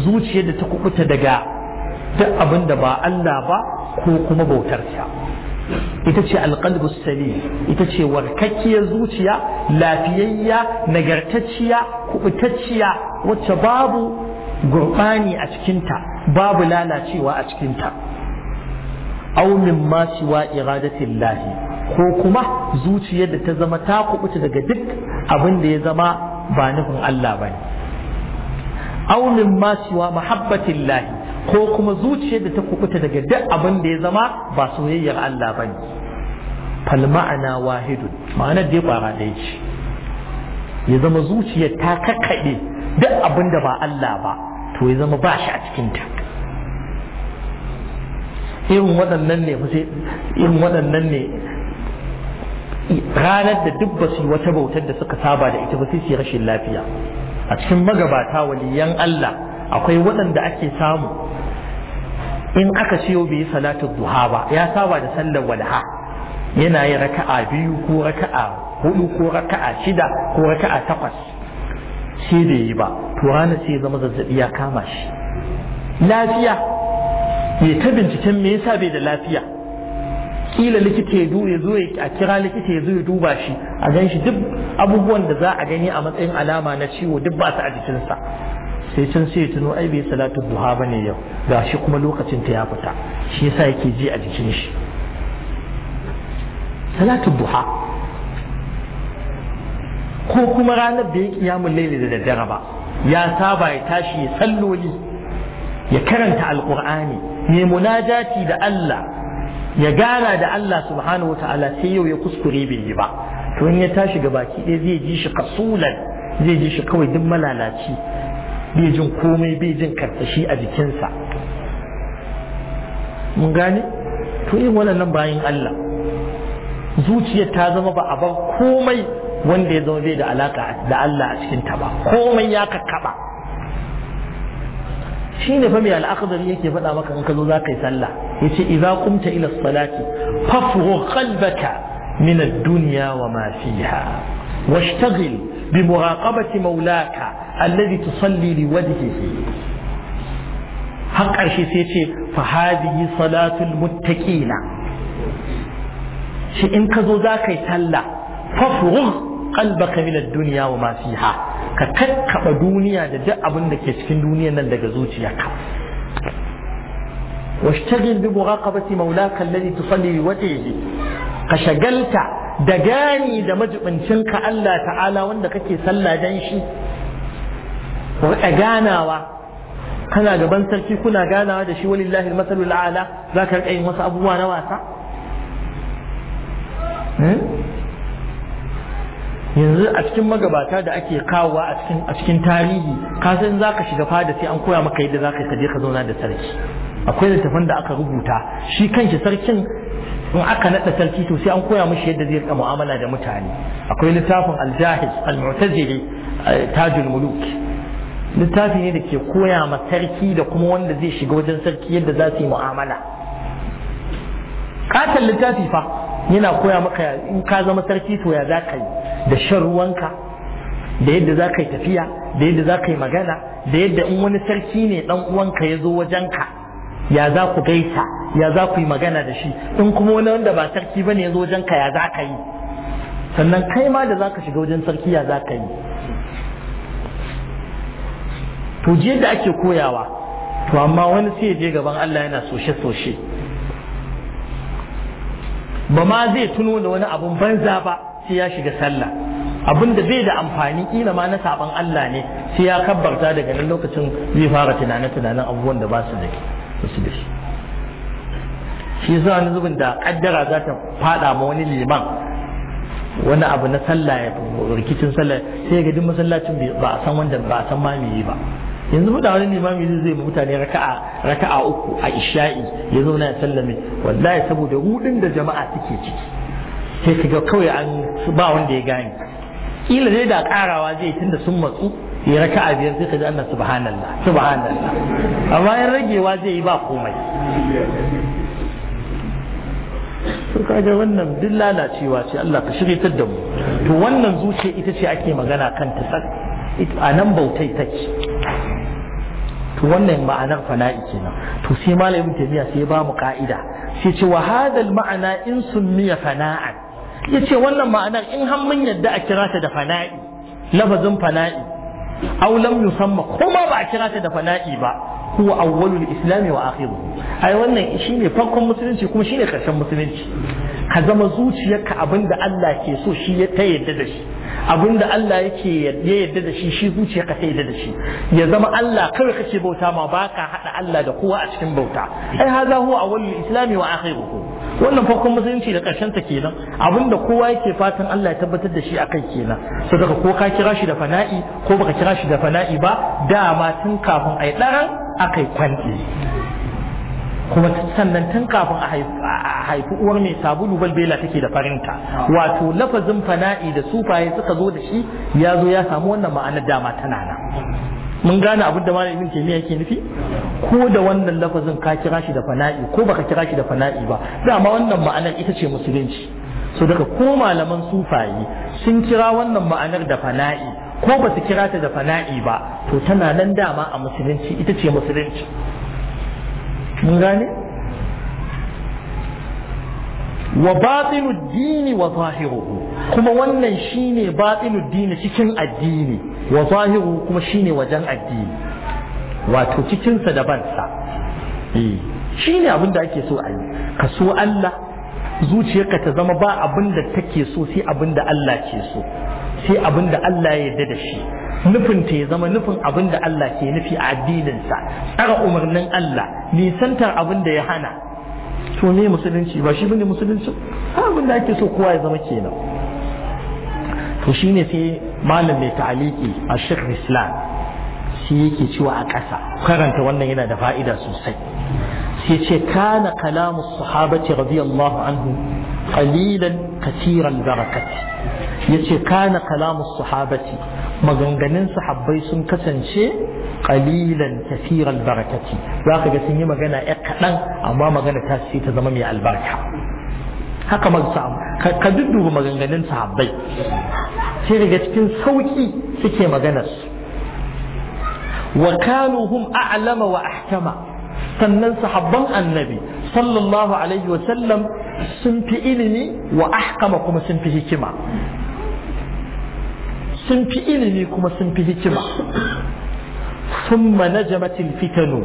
zuciyar da ta kubuta daga duk abin da ba Allah ba ko kuma bautarsa ita ce alqalbu Sali. ita ce warkakkiyar zuciya lafiyayya nagartacciya kubutacciya wacce babu gurbani a cikinta babu lalacewa a cikinta Aunin mimma siwa iradatin lahi ko kuma zuciyar da ta zama ta kubuta daga duk abin da ya zama ba nufin Allah bane Aunin mimma siwa mahabbatin lahi ko kuma zuciyar da ta kubuta daga duk abin da ya zama ba soyayyar Allah ba ne fal ma'ana wahidun da ya kwara ɗaya ce ya zama zuciyar ta kakkaɗe duk abin da ba Allah ba to ya zama ba shi a cikinta irin waɗannan ne irin waɗannan ne ranar da duk ba wata bautar da suka saba da ita ba sai su rashin lafiya a cikin magabata waliyan Allah akwai waɗanda ake samu in aka ce yau bai yi salatu duha ba ya saba da sallar walha yana yin raka'a biyu ko raka'a hudu ko raka'a shida ko raka'a takwas shi bai yi ba to ranar sai zama zazzabi ya kama shi lafiya ya ta binciken me yasa bai da lafiya kila likita ya ya zo a kira likita ya zo ya duba shi a gan shi duk abubuwan da za a gani a matsayin alama na ciwo duk ba su a jikinsa sai can sai ya tuno ai bai salatu duha bane yau shi kuma lokacin ta ya fita shi yasa yake ji a jikin shi salatu duha ko kuma ranar da ya kiyamun laili da daddare ba ya saba ya tashi ya salloli ya karanta alkur'ani ne munajati da Allah ya gana da Allah subhanahu sai yau ya kuskure bai yi ba to in ya tashi ga baki ɗaya zai ji shi kasulan zai ji shi kawai duk malalaci bai jin komai bai jin karsashi a jikinsa mun gane to yin waɗannan bayan Allah zuciyar ta zama ba a bar komai wanda ya zama bai da alaka da Allah a cikin ta ba komai ya kakkaba shi ne fa mai al'akhdari yake faɗa maka in ka zo za ka yi sallah ce idza qumta ila salati fafrugh qalbaka من wa وما فيها bi بمراقبة مولاك alladhi tusalli liwajhihi har ƙarshe sai ce fa hadhihi salatul muttaqina shi in ka zo za ka yi sallah fafruh qalbaka min ad-dunya wa ma fiha ka kakkaba duniya da duk abin da ke cikin duniyar nan daga zuciyarka واشتغل بمراقبة مولاك الذي تصلي بوجهه قشغلت دغاني da majibincin ka Allah ta'ala wanda kake sallah dan shi ku riƙa ganawa kana gaban sarki kuna ganawa da shi walillahi masalul ala za ka riƙa yin wasu abubuwa na wasa hmm? yanzu a cikin magabata da ake kawowa a cikin tarihi kasan san za ka shiga fada sai an koya maka yadda za ka je ka zauna da sarki akwai littafin da aka rubuta shi kanshi sarkin in aka naɗa sarki to sai an koya mashi yadda zai rika mu'amala da mutane akwai littafin al-jahiz al-mu'tazili tajul muluk littafi ne da ke koya ma sarki da kuma wanda zai shiga wajen sarki yadda za su yi mu'amala katon littafi fa yana koya maka in ka zama sarki to ya za ka yi da shan ruwanka da yadda za ka yi tafiya da yadda za ka yi magana da yadda in wani sarki ne dan uwanka ya zo wajenka ya za ku gaisa ya za ku yi magana da shi in kuma wani wanda ba sarki ne ya zo wajenka ya za ka yi sannan kai ma da za ka shiga wajen sarki ya za ka yi to je da ake koyawa to amma wani sai je gaban Allah yana soshe-soshe ba ma zai tuno da wani abun banza ba sai ya shiga sallah abin da bai da amfani kila ma na saban Allah ne sai ya kabbarta daga nan lokacin zai fara tunanin tunanin abubuwan da ba su da su da shi shi yasa wani zubin da kaddara za ta fada ma wani liman wani abu na sallah ya rikicin sallah sai ga duk masallacin ba san wanda ba san ma yi ba yanzu mu da wani limami zai zai mutane raka'a raka'a uku a isha'i ya zauna ya sallame wallahi saboda rudin da jama'a suke ciki sai kaga kawai an ba wanda ya gane kila dai da karawa zai tunda sun matsu ya raka'a biyar sai kaji Allah subhanallah subhanallah amma in ragewa zai yi ba komai to kaga wannan duk lalacewa ce Allah ka shiryatar da mu to wannan zuciya ita ce ake magana kanta sak a nan bautai take wannan ma'anar fana'i kenan to sai malamin tabiya sai ya ba mu ka'ida sai ce wa hadal ma'ana in summiya fana'an yace wannan ma'anar in har mun yadda a kira ta da fana'i lafazin fana'i aw lam yusamma kuma ba a kira ta da fana'i ba huwa awwalul islami wa akhiruhu ai wannan shine farkon musulunci kuma shine karshen musulunci ka zama zuciyarka abinda Allah ke so shi ta yadda da shi abinda Allah yake ya yarda da shi shi ka ta yadda da shi ya zama Allah kawai kake bauta ma baka haɗa Allah da kowa a cikin bauta ai hadha huwa awwalul islami wa akhiruhu wannan farkon musulunci da karshen ta kenan abinda kowa yake fatan Allah ya tabbatar da shi akai kenan saboda ko ka kira shi da fana'i ko baka kira shi da fana'i ba dama tun kafin ai daran aka yi kwanɗi kuma sannan tun kafin a haifi uwar mai sabulu balbela take da farinta wato lafazin fana'i da sufaye suka zo da shi ya zo ya samu wannan ma'anar dama tana nan mun gane abin da malamin ibn taymiya yake nufi ko da wannan lafazin ka kira shi da fana'i ko baka kira shi da fana'i ba dama wannan ma'anar ita ce musulunci so daga ko malaman sufaye sun kira wannan ma'anar da fana'i ko ba su kira ta da fana'i ba to tana nan dama a musulunci ita ce musulunci mun gane wa batinu dini wa zahiruhu kuma wannan shine batinu dini cikin addini wa zahiruhu kuma shine wajen addini wato cikinsa da bansa eh, shine abin da ake so a yi ka so Allah zuciyarka ta zama ba abin da take so sai abin da Allah ke so sai abin da Allah ya yarda da shi nufin ta ya zama nufin abin da Allah ke nufi a addininsa tsara umarnin Allah nisantar abin da ya hana to ne musulunci ba shi bane musulunci abin da ake so kowa ya zama kenan to shine sai malam mai ta'aliki a shekh islam shi yake cewa a ƙasa karanta wannan yana da fa'ida sosai sai ce kana kalamu sahabati radiyallahu anhu qalilan kasiran barakat yace kana kalamu sahabati maganganun sahabbai sun kasance qalilan kathira albarakati zaka ga sun yi magana ya kadan amma magana ta ce ta zama mai albarka haka ka dudduba maganganun sahabbai sai daga cikin sauki suke maganar su wa kanu hum a'lama wa ahkama sannan sahabban annabi sallallahu alaihi wa sallam sun fi ilimi wa ahkama kuma sun fi hikima sun fi ilimi kuma sun fi hikima summa jam'atin fitanu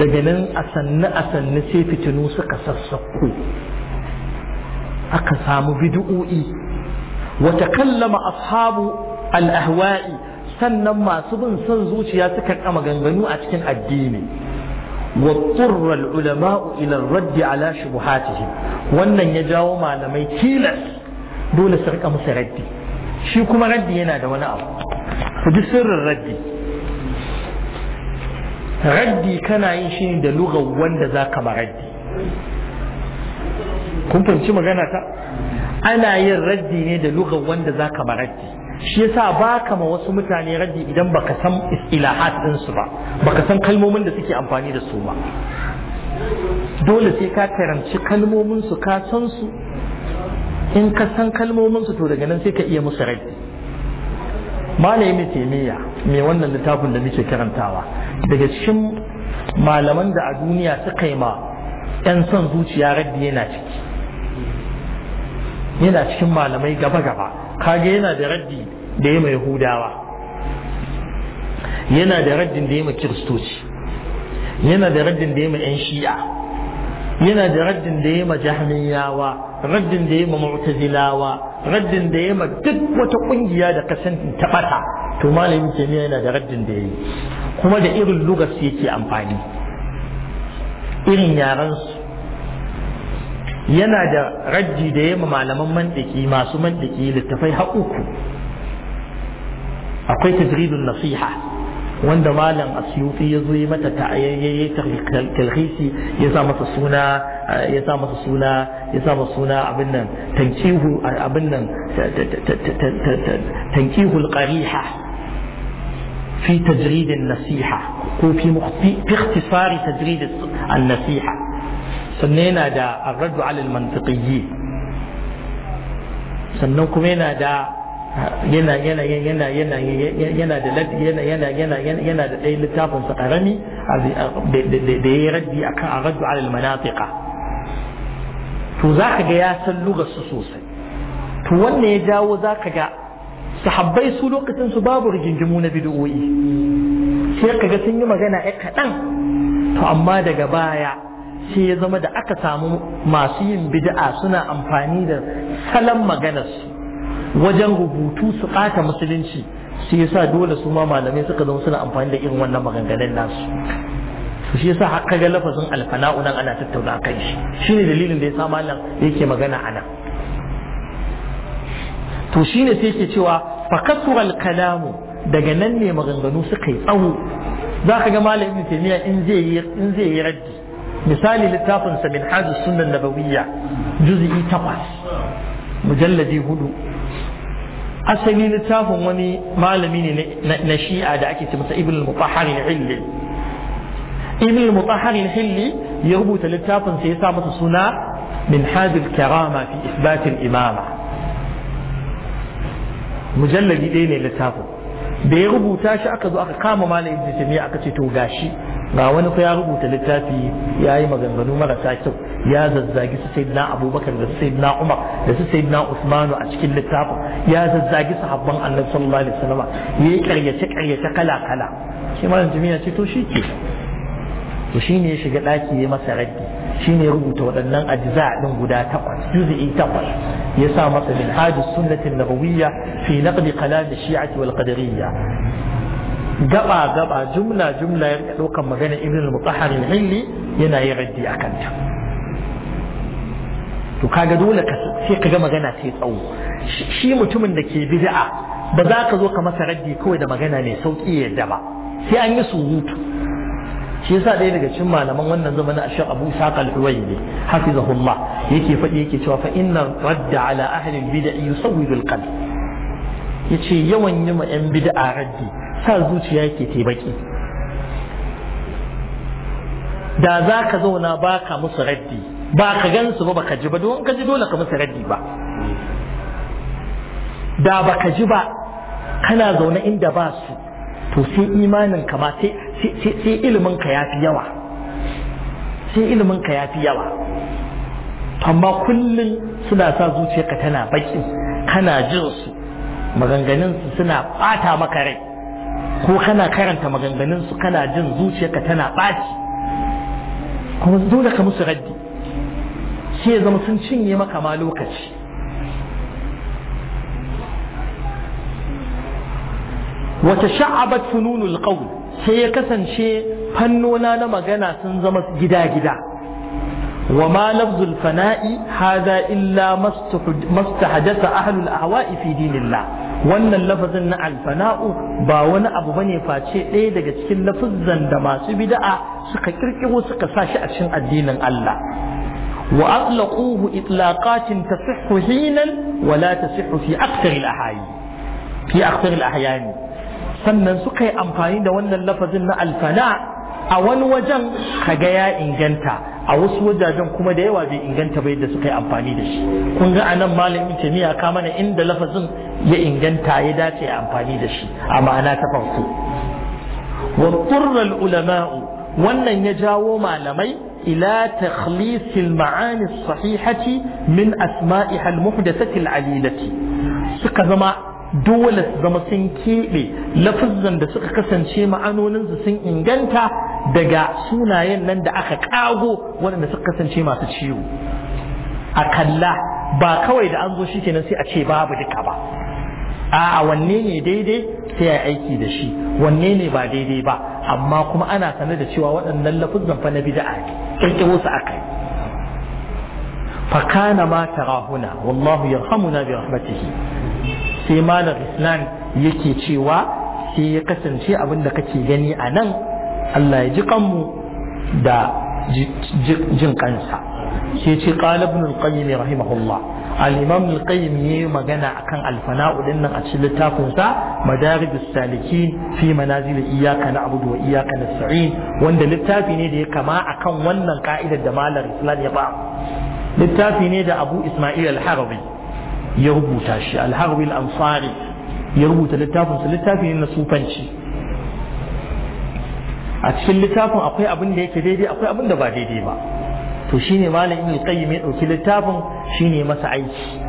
daga nan a sannu a sannu sai fitinu suka sassako aka samu bid'o'i wata kallama ashabu al-ahwa'i sannan masu bin son zuciya suka kama ganganu a cikin addini واضطر raddi إلى الرد wannan ya jawo malamai tilas dole su دول سرقة raddi shi kuma raddi yana da wani abu ku ji sirrin raddi raddi kana yin shi ne da lugar wanda za ka ba raddi kun fahimci magana ta ana yin raddi ne da lugar wanda za ka ba raddi shi yasa ba ka ma wasu mutane raddi idan baka san ilahat ɗinsu ba baka san kalmomin da suke amfani da su ba dole sai ka karanci kalmomin su ka san su in ka san kalmomin su to daga nan sai ka iya musu rai malami taimiyya mai wannan littafin da muke karantawa daga cikin malaman da a duniya su kaima ma 'yan son zuciya raddi yana ciki yana cikin malamai gaba-gaba kaga yana da raddi da ya mai hudawa yana da raddin da ya mai kiristoci yana da raddin da ya mai 'yan shi'a yana da raddin da ya ma jahmiyawa raddin da ya ma mu'tazilawa raddin da ya ma duk wata kungiya da kasan ta bata to malamin kimiyya yana da raddin da ya yi kuma da irin lugas yake amfani irin yaran su yana da raddi da ya ma malaman mandiki masu littattafai littafai uku. akwai tajridun nasiha wanda malam asyuti ya zo yi mata ta'ayyaye talhisi ya sa masa suna ya sa masa suna ya sa masa suna abin nan tankihu abin nan tankihul qariha fi tajrid nasiha ko fi fi ikhtisari tajrid an-nasiha sannan yana da ar-radd 'ala al-mantiqiyyi sannan kuma yana da yana yana yana yana yana da yana yana yana yana da ɗaya littafin sa karami da ya raddi akan aradu alal manatiqa to zaka ga ya san su sosai to wannan ya jawo ka ga sahabbai su lokacin su babu rigingimu na bid'o'i sai kaga sun yi magana ya kaɗan to amma daga baya sai ya zama da aka samu masu yin bid'a suna amfani da salon maganarsu wajen rubutu su ɓata musulunci su yi sa dole su ma malamai suka zama suna amfani da irin wannan maganganun nasu su shi yasa haka ga lafazin alfana'u nan ana tattauna kan shi shine dalilin da ya sa malam yake magana ana to shine sai yake cewa fa kalamu daga nan ne maganganu suka yi tsawo za ka ga malam ibn in zai yi in raddi misali littafin sa min hajus sunan nabawiyya juz'i 8 mujalladi 4 asali littafin wani malami ne na shi'a da ake ce masa ibn al-mutahhar hilli ibn al-mutahhar hilli ya rubuta littafin sai ya sa masa suna min hadil karama fi isbat imama mujalladi ɗaya ne littafin da ya rubuta shi aka zo aka kama malamin ibn aka ce to gashi ga wani ko ya rubuta littafi ya yi maganganu marasa kyau ya zazzagi su sai na abubakar da su sai na umar da su sai na usmanu a cikin littafin ya zazzagi sahabban annabi sallallahu alaihi wasallam ya yi karyace karyace kala kala shi malam jami'a ce to shi ke to shi ne ya shiga ɗaki ya masa raddi shi ne rubuta waɗannan ajiza ɗin guda takwas juz'i takwas ya sa masa min hajji sunnatin nabawiyya fi naqdi da shi'ati wal qadariyya gaba gaba jumla jumla ya rika ɗaukar magana ibn al-mutahhar al-hilli yana yi raddi akan ta to kaga dole ka sai kaga magana sai tsawo shi mutumin da ke bid'a ba za ka zo ka masa raddi kawai da magana mai sauki ya ba sai an yi surutu shi yasa ɗaya daga cikin malaman wannan zamanin ashar abu isaq al-huwayni hafizahullah yake faɗi yake cewa fa inna radda ala ahli al-bid'a yusawwidu al-qalb yace yawan yi ma yan bid'a raddi sa zuciya yake taimaki da za ka zauna ba ka musu raddi ba ka gansu ba ka ji ba don ka ji dole ka musu raddi ba da ba ka ji ba kana zaune inda ba su to sai imanin ka ma sai ilimin ka fi yawa sai ilimin ka fi yawa amma kullum suna sa zuciyarka tana baki kana jin su maganganun su suna bata maka rai ko kana karanta maganganun su kana jin zuciyarka tana ɓaci kuma dole ka musu raddi sai zama sun cinye maka ma lokaci wata sha'abat fununul qawl sai ya kasance fannona na magana sun zama gida-gida wa ma lafzul fana'i hadha illa mastahadatha ahlul ahwa'i fi dinillah wannan lafazin na alfana'u ba wani abu bane face ɗaya daga cikin lafazzan da masu bid'a suka kirkiro suka sashi a cikin addinin Allah wa atlaquhu itlaqatin tasihhu hinan wa la tasihhu fi akthar al fi akthar al sannan suka yi amfani da wannan lafazin na alfana a wani wajen kaga ya inganta a wasu wajajen kuma da yawa bai inganta ba yadda suka yi amfani da shi kun ga anan malamin jami'a ka mana inda lafazin ya inganta ya dace ya amfani da shi a ma'ana ta farko wa ulama'u wannan ya jawo malamai ila Taklisil ma'ani sahihati min asma'i al-muhdathati al-alilati suka zama dole su zama sun keɓe lafazin da suka kasance ma'anoninsu sun inganta daga sunayen nan da aka kago waɗanda suka kasance masu ciwo a kalla ba kawai da an zo shi kenan sai a ce babu duka ba 'a wanne ne daidai sai a aiki da shi wanne ne ba daidai ba amma kuma ana sanar da cewa waɗannan lafuz zanfa na bid'a kirkiro su akai fa kana ma tarahuna wallahu yarhamuna bi rahmatihi sai malam islam yake cewa sai ya kasance abin da kake gani a nan Allah ya ji kanmu da jin kansa Ke ce qala ibn al-qayyim rahimahullah al-imam al-qayyim ne magana akan al-fana'u din nan a cikin littafin sa madarij salikin fi manazil iyyaka na'budu wa iyyaka nasta'in wanda littafi ne da ya kama akan wannan ka'idar da malar islam ya ba littafi ne da abu isma'il al-harabi ya rubuta shi al-harabi al-ansari ya rubuta littafin sa littafi ne na sufanci a cikin littafin akwai abin da yake daidai akwai abin da ba daidai ba to shine malam ibn ya dauki littafin shine masa aiki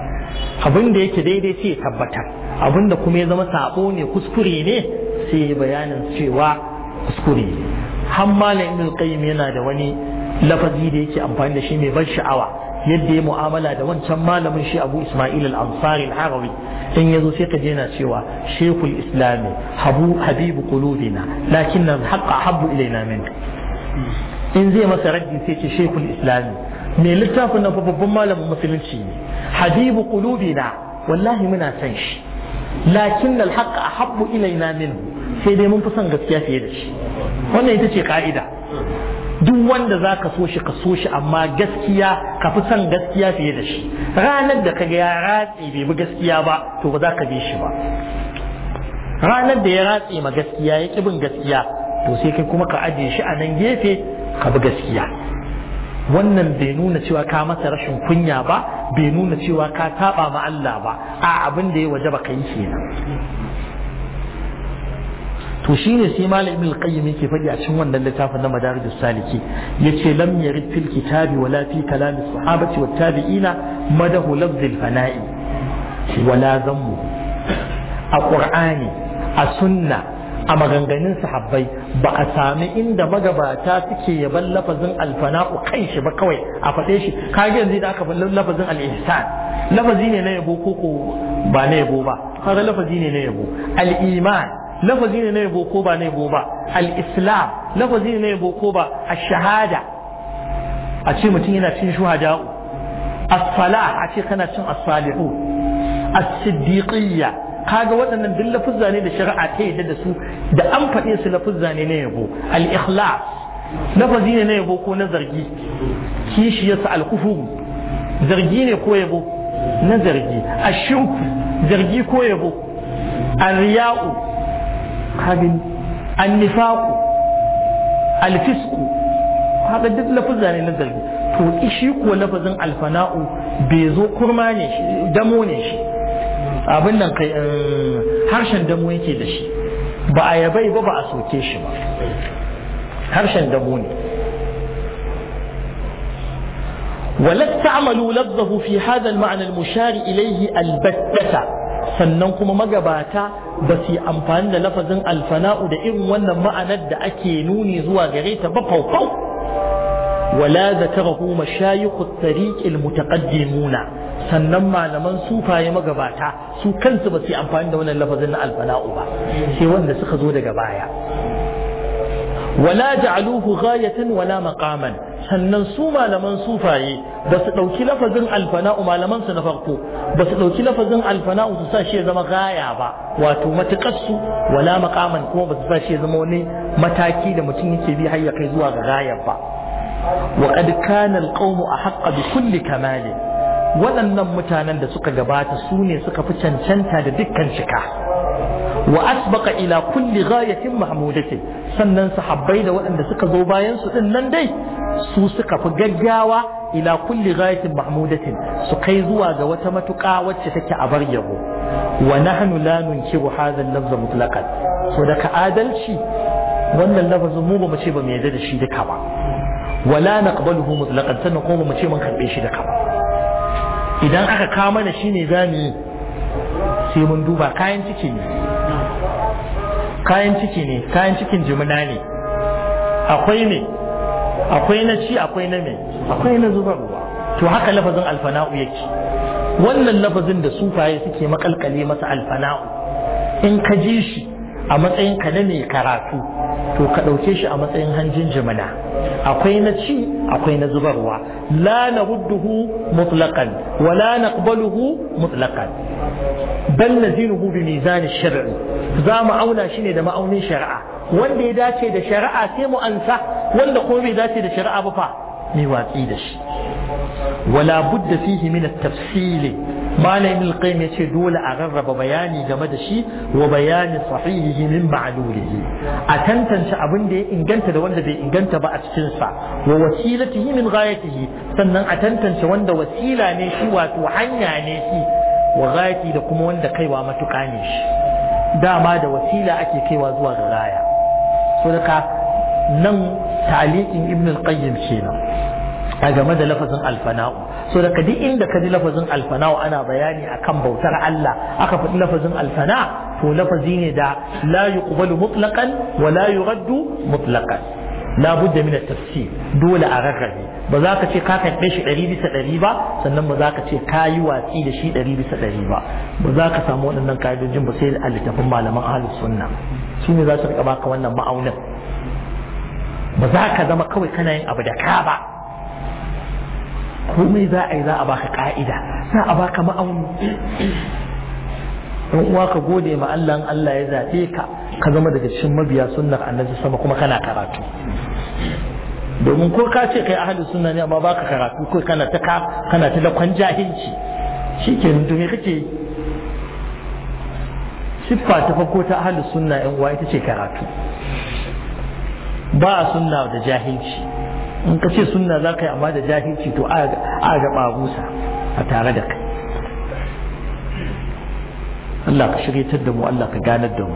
abin da yake daidai sai ya tabbatar abin da kuma ya zama sabo ne kuskure ne sai ya bayanin cewa kuskure ne har malam ibn yana da wani lafazi da yake amfani da shi mai ban sha'awa yadda ya mu'amala da wancan malamin shi Abu Isma'il al-Ansari al-Harawi in ya zo sai ka daina cewa shekul islami habu habibu qulubina lakin nan haqqa habbu ilaina min in zai masa raddi sai ce shekul islami mai littafin nan babban malamin musulunci ne habibu kulubina wallahi muna san shi lakin nan haqqa habbu ilaina min sai dai mun fi son gaskiya fiye da shi wannan ita ce ka'ida duk wanda za ka so shi ka so shi amma gaskiya ka fi son gaskiya fiye da shi ranar da ka ga ya ratse bai bi gaskiya ba to ba za ka bi shi ba ranar da ya ratse ma gaskiya ya ƙi bin gaskiya to sai kai kuma ka ajiye shi a nan gefe ka bi gaskiya wannan bai nuna cewa ka masa rashin kunya ba bai nuna cewa ka taɓa ma Allah ba a abin da ya waje ba ka yi kenan to shine sai malam ibn al-qayyim yake faɗi a cikin wannan littafin na madarijus saliki yace lam yarid fil kitabi wala fi kalam as-sahabati wat tabi'ina madahu lafz al-fana'i wala zammu a qur'ani a sunna a maganganun sahabbai ba a sami inda magabata suke yaban lafazin alfana'u kan shi ba kawai a faɗe shi kage yanzu da aka faɗi lafazin al-ihsan lafazi ne na yabo koko ba na yabo ba kaga lafazi ne na yabo al-iman lafazi ne na yabo ko ba na yabo ba al-islam lafazi ne na yabo ko ba a shahada a ce mutum yana cin shuhada'u as-salah a ce kana cin as-salihu as-siddiqiyya kaga waɗannan duk lafuzza ne da shari'a ta yadda da su da an faɗe su lafuzza ne na yabo al-ikhlas lafazi ne na yabo ko na zargi kishiyarsa al-kufuru zargi ne ko yabo na zargi ashirku zargi ko yabo al-riya'u kagin annifaku alfisku haka duk lafuzza ne na zargi to shi ko lafazin alfana'u bai zo kurma ne shi damo ne shi abin nan kai harshen damo yake da shi ba a yabai ba ba a soke shi ba harshen damo ne ولا استعملوا لفظه في هذا المعنى المشار إليه البتة sannan kuma magabata ba su yi amfani da lafazin alfana'u da irin wannan ma'anar da ake nuni zuwa gare ta ba faufau wala zakarahu mashayikhu tariqil nuna. sannan malaman sufaye magabata su kansu ba su yi amfani da wannan lafazin na alfana'u ba sai wanda suka zo daga baya wala ja'aluhu ghayatan wala maqaman sannan su malaman sufaye ba su ɗauki lafazin alfana'u malaman su na farko ba su ɗauki lafazin alfana'u su sa shi ya zama gaya ba wato matuƙarsu wala makaman kuma ba su sa shi ya zama wani mataki da mutum yake bi har ya kai zuwa ga gayar ba wa qad kana alqawmu ahqqa bi kulli kamal waɗannan mutanen da suka gabata su ne suka fi cancanta da dukkan cika wa asbaqa ila kulli ghayatin mahmudatin sannan sahabbai da waɗanda suka zo bayan su din nan dai su suka fi gaggawa ila kulli ghayatin mahmudatin su kai zuwa ga wata matuƙa wacce take a bar yabo wa nahnu la nunkiru hadha al-lafz mutlaqan so da adalci wannan lafazin mu bamu ce ba mu yarda da shi duka ba wala naqbaluhu mutlaqan sannan kuma mu ce mun karbe shi duka ba idan aka kawo mana shine zamu yi sai mun duba kayan ciki ne kayan ciki ne kayan cikin jimina ne akwai ne akwai na ci akwai na me akwai na zubarwa to haka lafazin alfana'u yake wannan lafazin da sufaye suke makalkale masa alfana'u in ka ji shi a matsayin ka na mai karatu to ka ɗauke shi a matsayin hanjin jimina akwai na ci akwai na zubarwa la na hudduhu mutlaqan wa la naqbaluhu mutlaqan bal nazinuhu bi mizan shar'i za mu auna shi ne da ma'aunin shari'a wanda ya dace da shari'a sai mu ansa wanda kuma bai dace da shari'a ba fa mai watsi da shi wala budda fihi min at-tafsil malam al-qayyim yace dole a rarraba bayani game da shi wa bayani sahihihi min ma'lulihi a tantance abin da ya inganta da wanda bai inganta ba a cikin sa wa wasilatihi min ghayatihi sannan a tantance wanda wasila ne shi wato hanya ne shi wa ghayati da kuma wanda kaiwa matuƙa ne shi dama da wasila ake kaiwa zuwa ga gaya saboda nan taliqin ibn al-qayyim kenan a game da lafazin alfana'u so duk inda ka ji lafazin alfana'u ana bayani akan bautar Allah aka faɗi lafazin alfana to lafazi ne da la yuqbalu mutlaqan wa la yuraddu mutlaqan labudda min tafsir dole a rarrabe ba za ka ce ka karɓe shi ɗari bisa ɗari ba sannan ba za ka ce kayi yi watsi da shi ɗari bisa ɗari ba ba za ka samu waɗannan ka'idojin ba sai a littafin malaman ahlus sunna su ne za su riƙa baka wannan ma'aunin ba za ka zama kawai kana yin abu da ka ba komai za a yi za a baka za a baka in uwa ka gode ma Allah Allah ya zaɓe ka ka zama daga cikin mabiya sunnar annabi sama kuma kana karatu domin ko ka ce kai ahli sunna ne amma baka karatu ko kana ta ka kana ta lakon jahilci shikenan to me kake siffa ta farko ta ahli sunna yan uwa ita ce karatu ba a sunna da jahilci in ka ce sunna za ka yi amma da jahilci to a ga babusa a tare da kai Allah ka shiryatar da mu Allah ka ganar da mu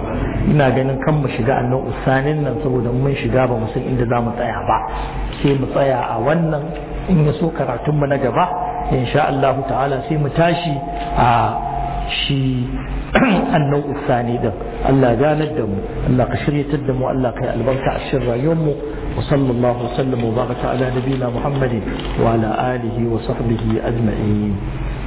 ina ganin kan mu shiga annan usanin nan saboda mun shiga ba mu san inda za mu tsaya ba sai mu tsaya a wannan in ya so karatun mu na gaba insha Allah ta'ala sai mu tashi a shi annan usani din Allah ganar da mu Allah ka shiryatar da mu Allah ka yi albarka a cikin rayuwar mu وصلى الله وسلم وبارك على نبينا محمد وعلى آله وصحبه أجمعين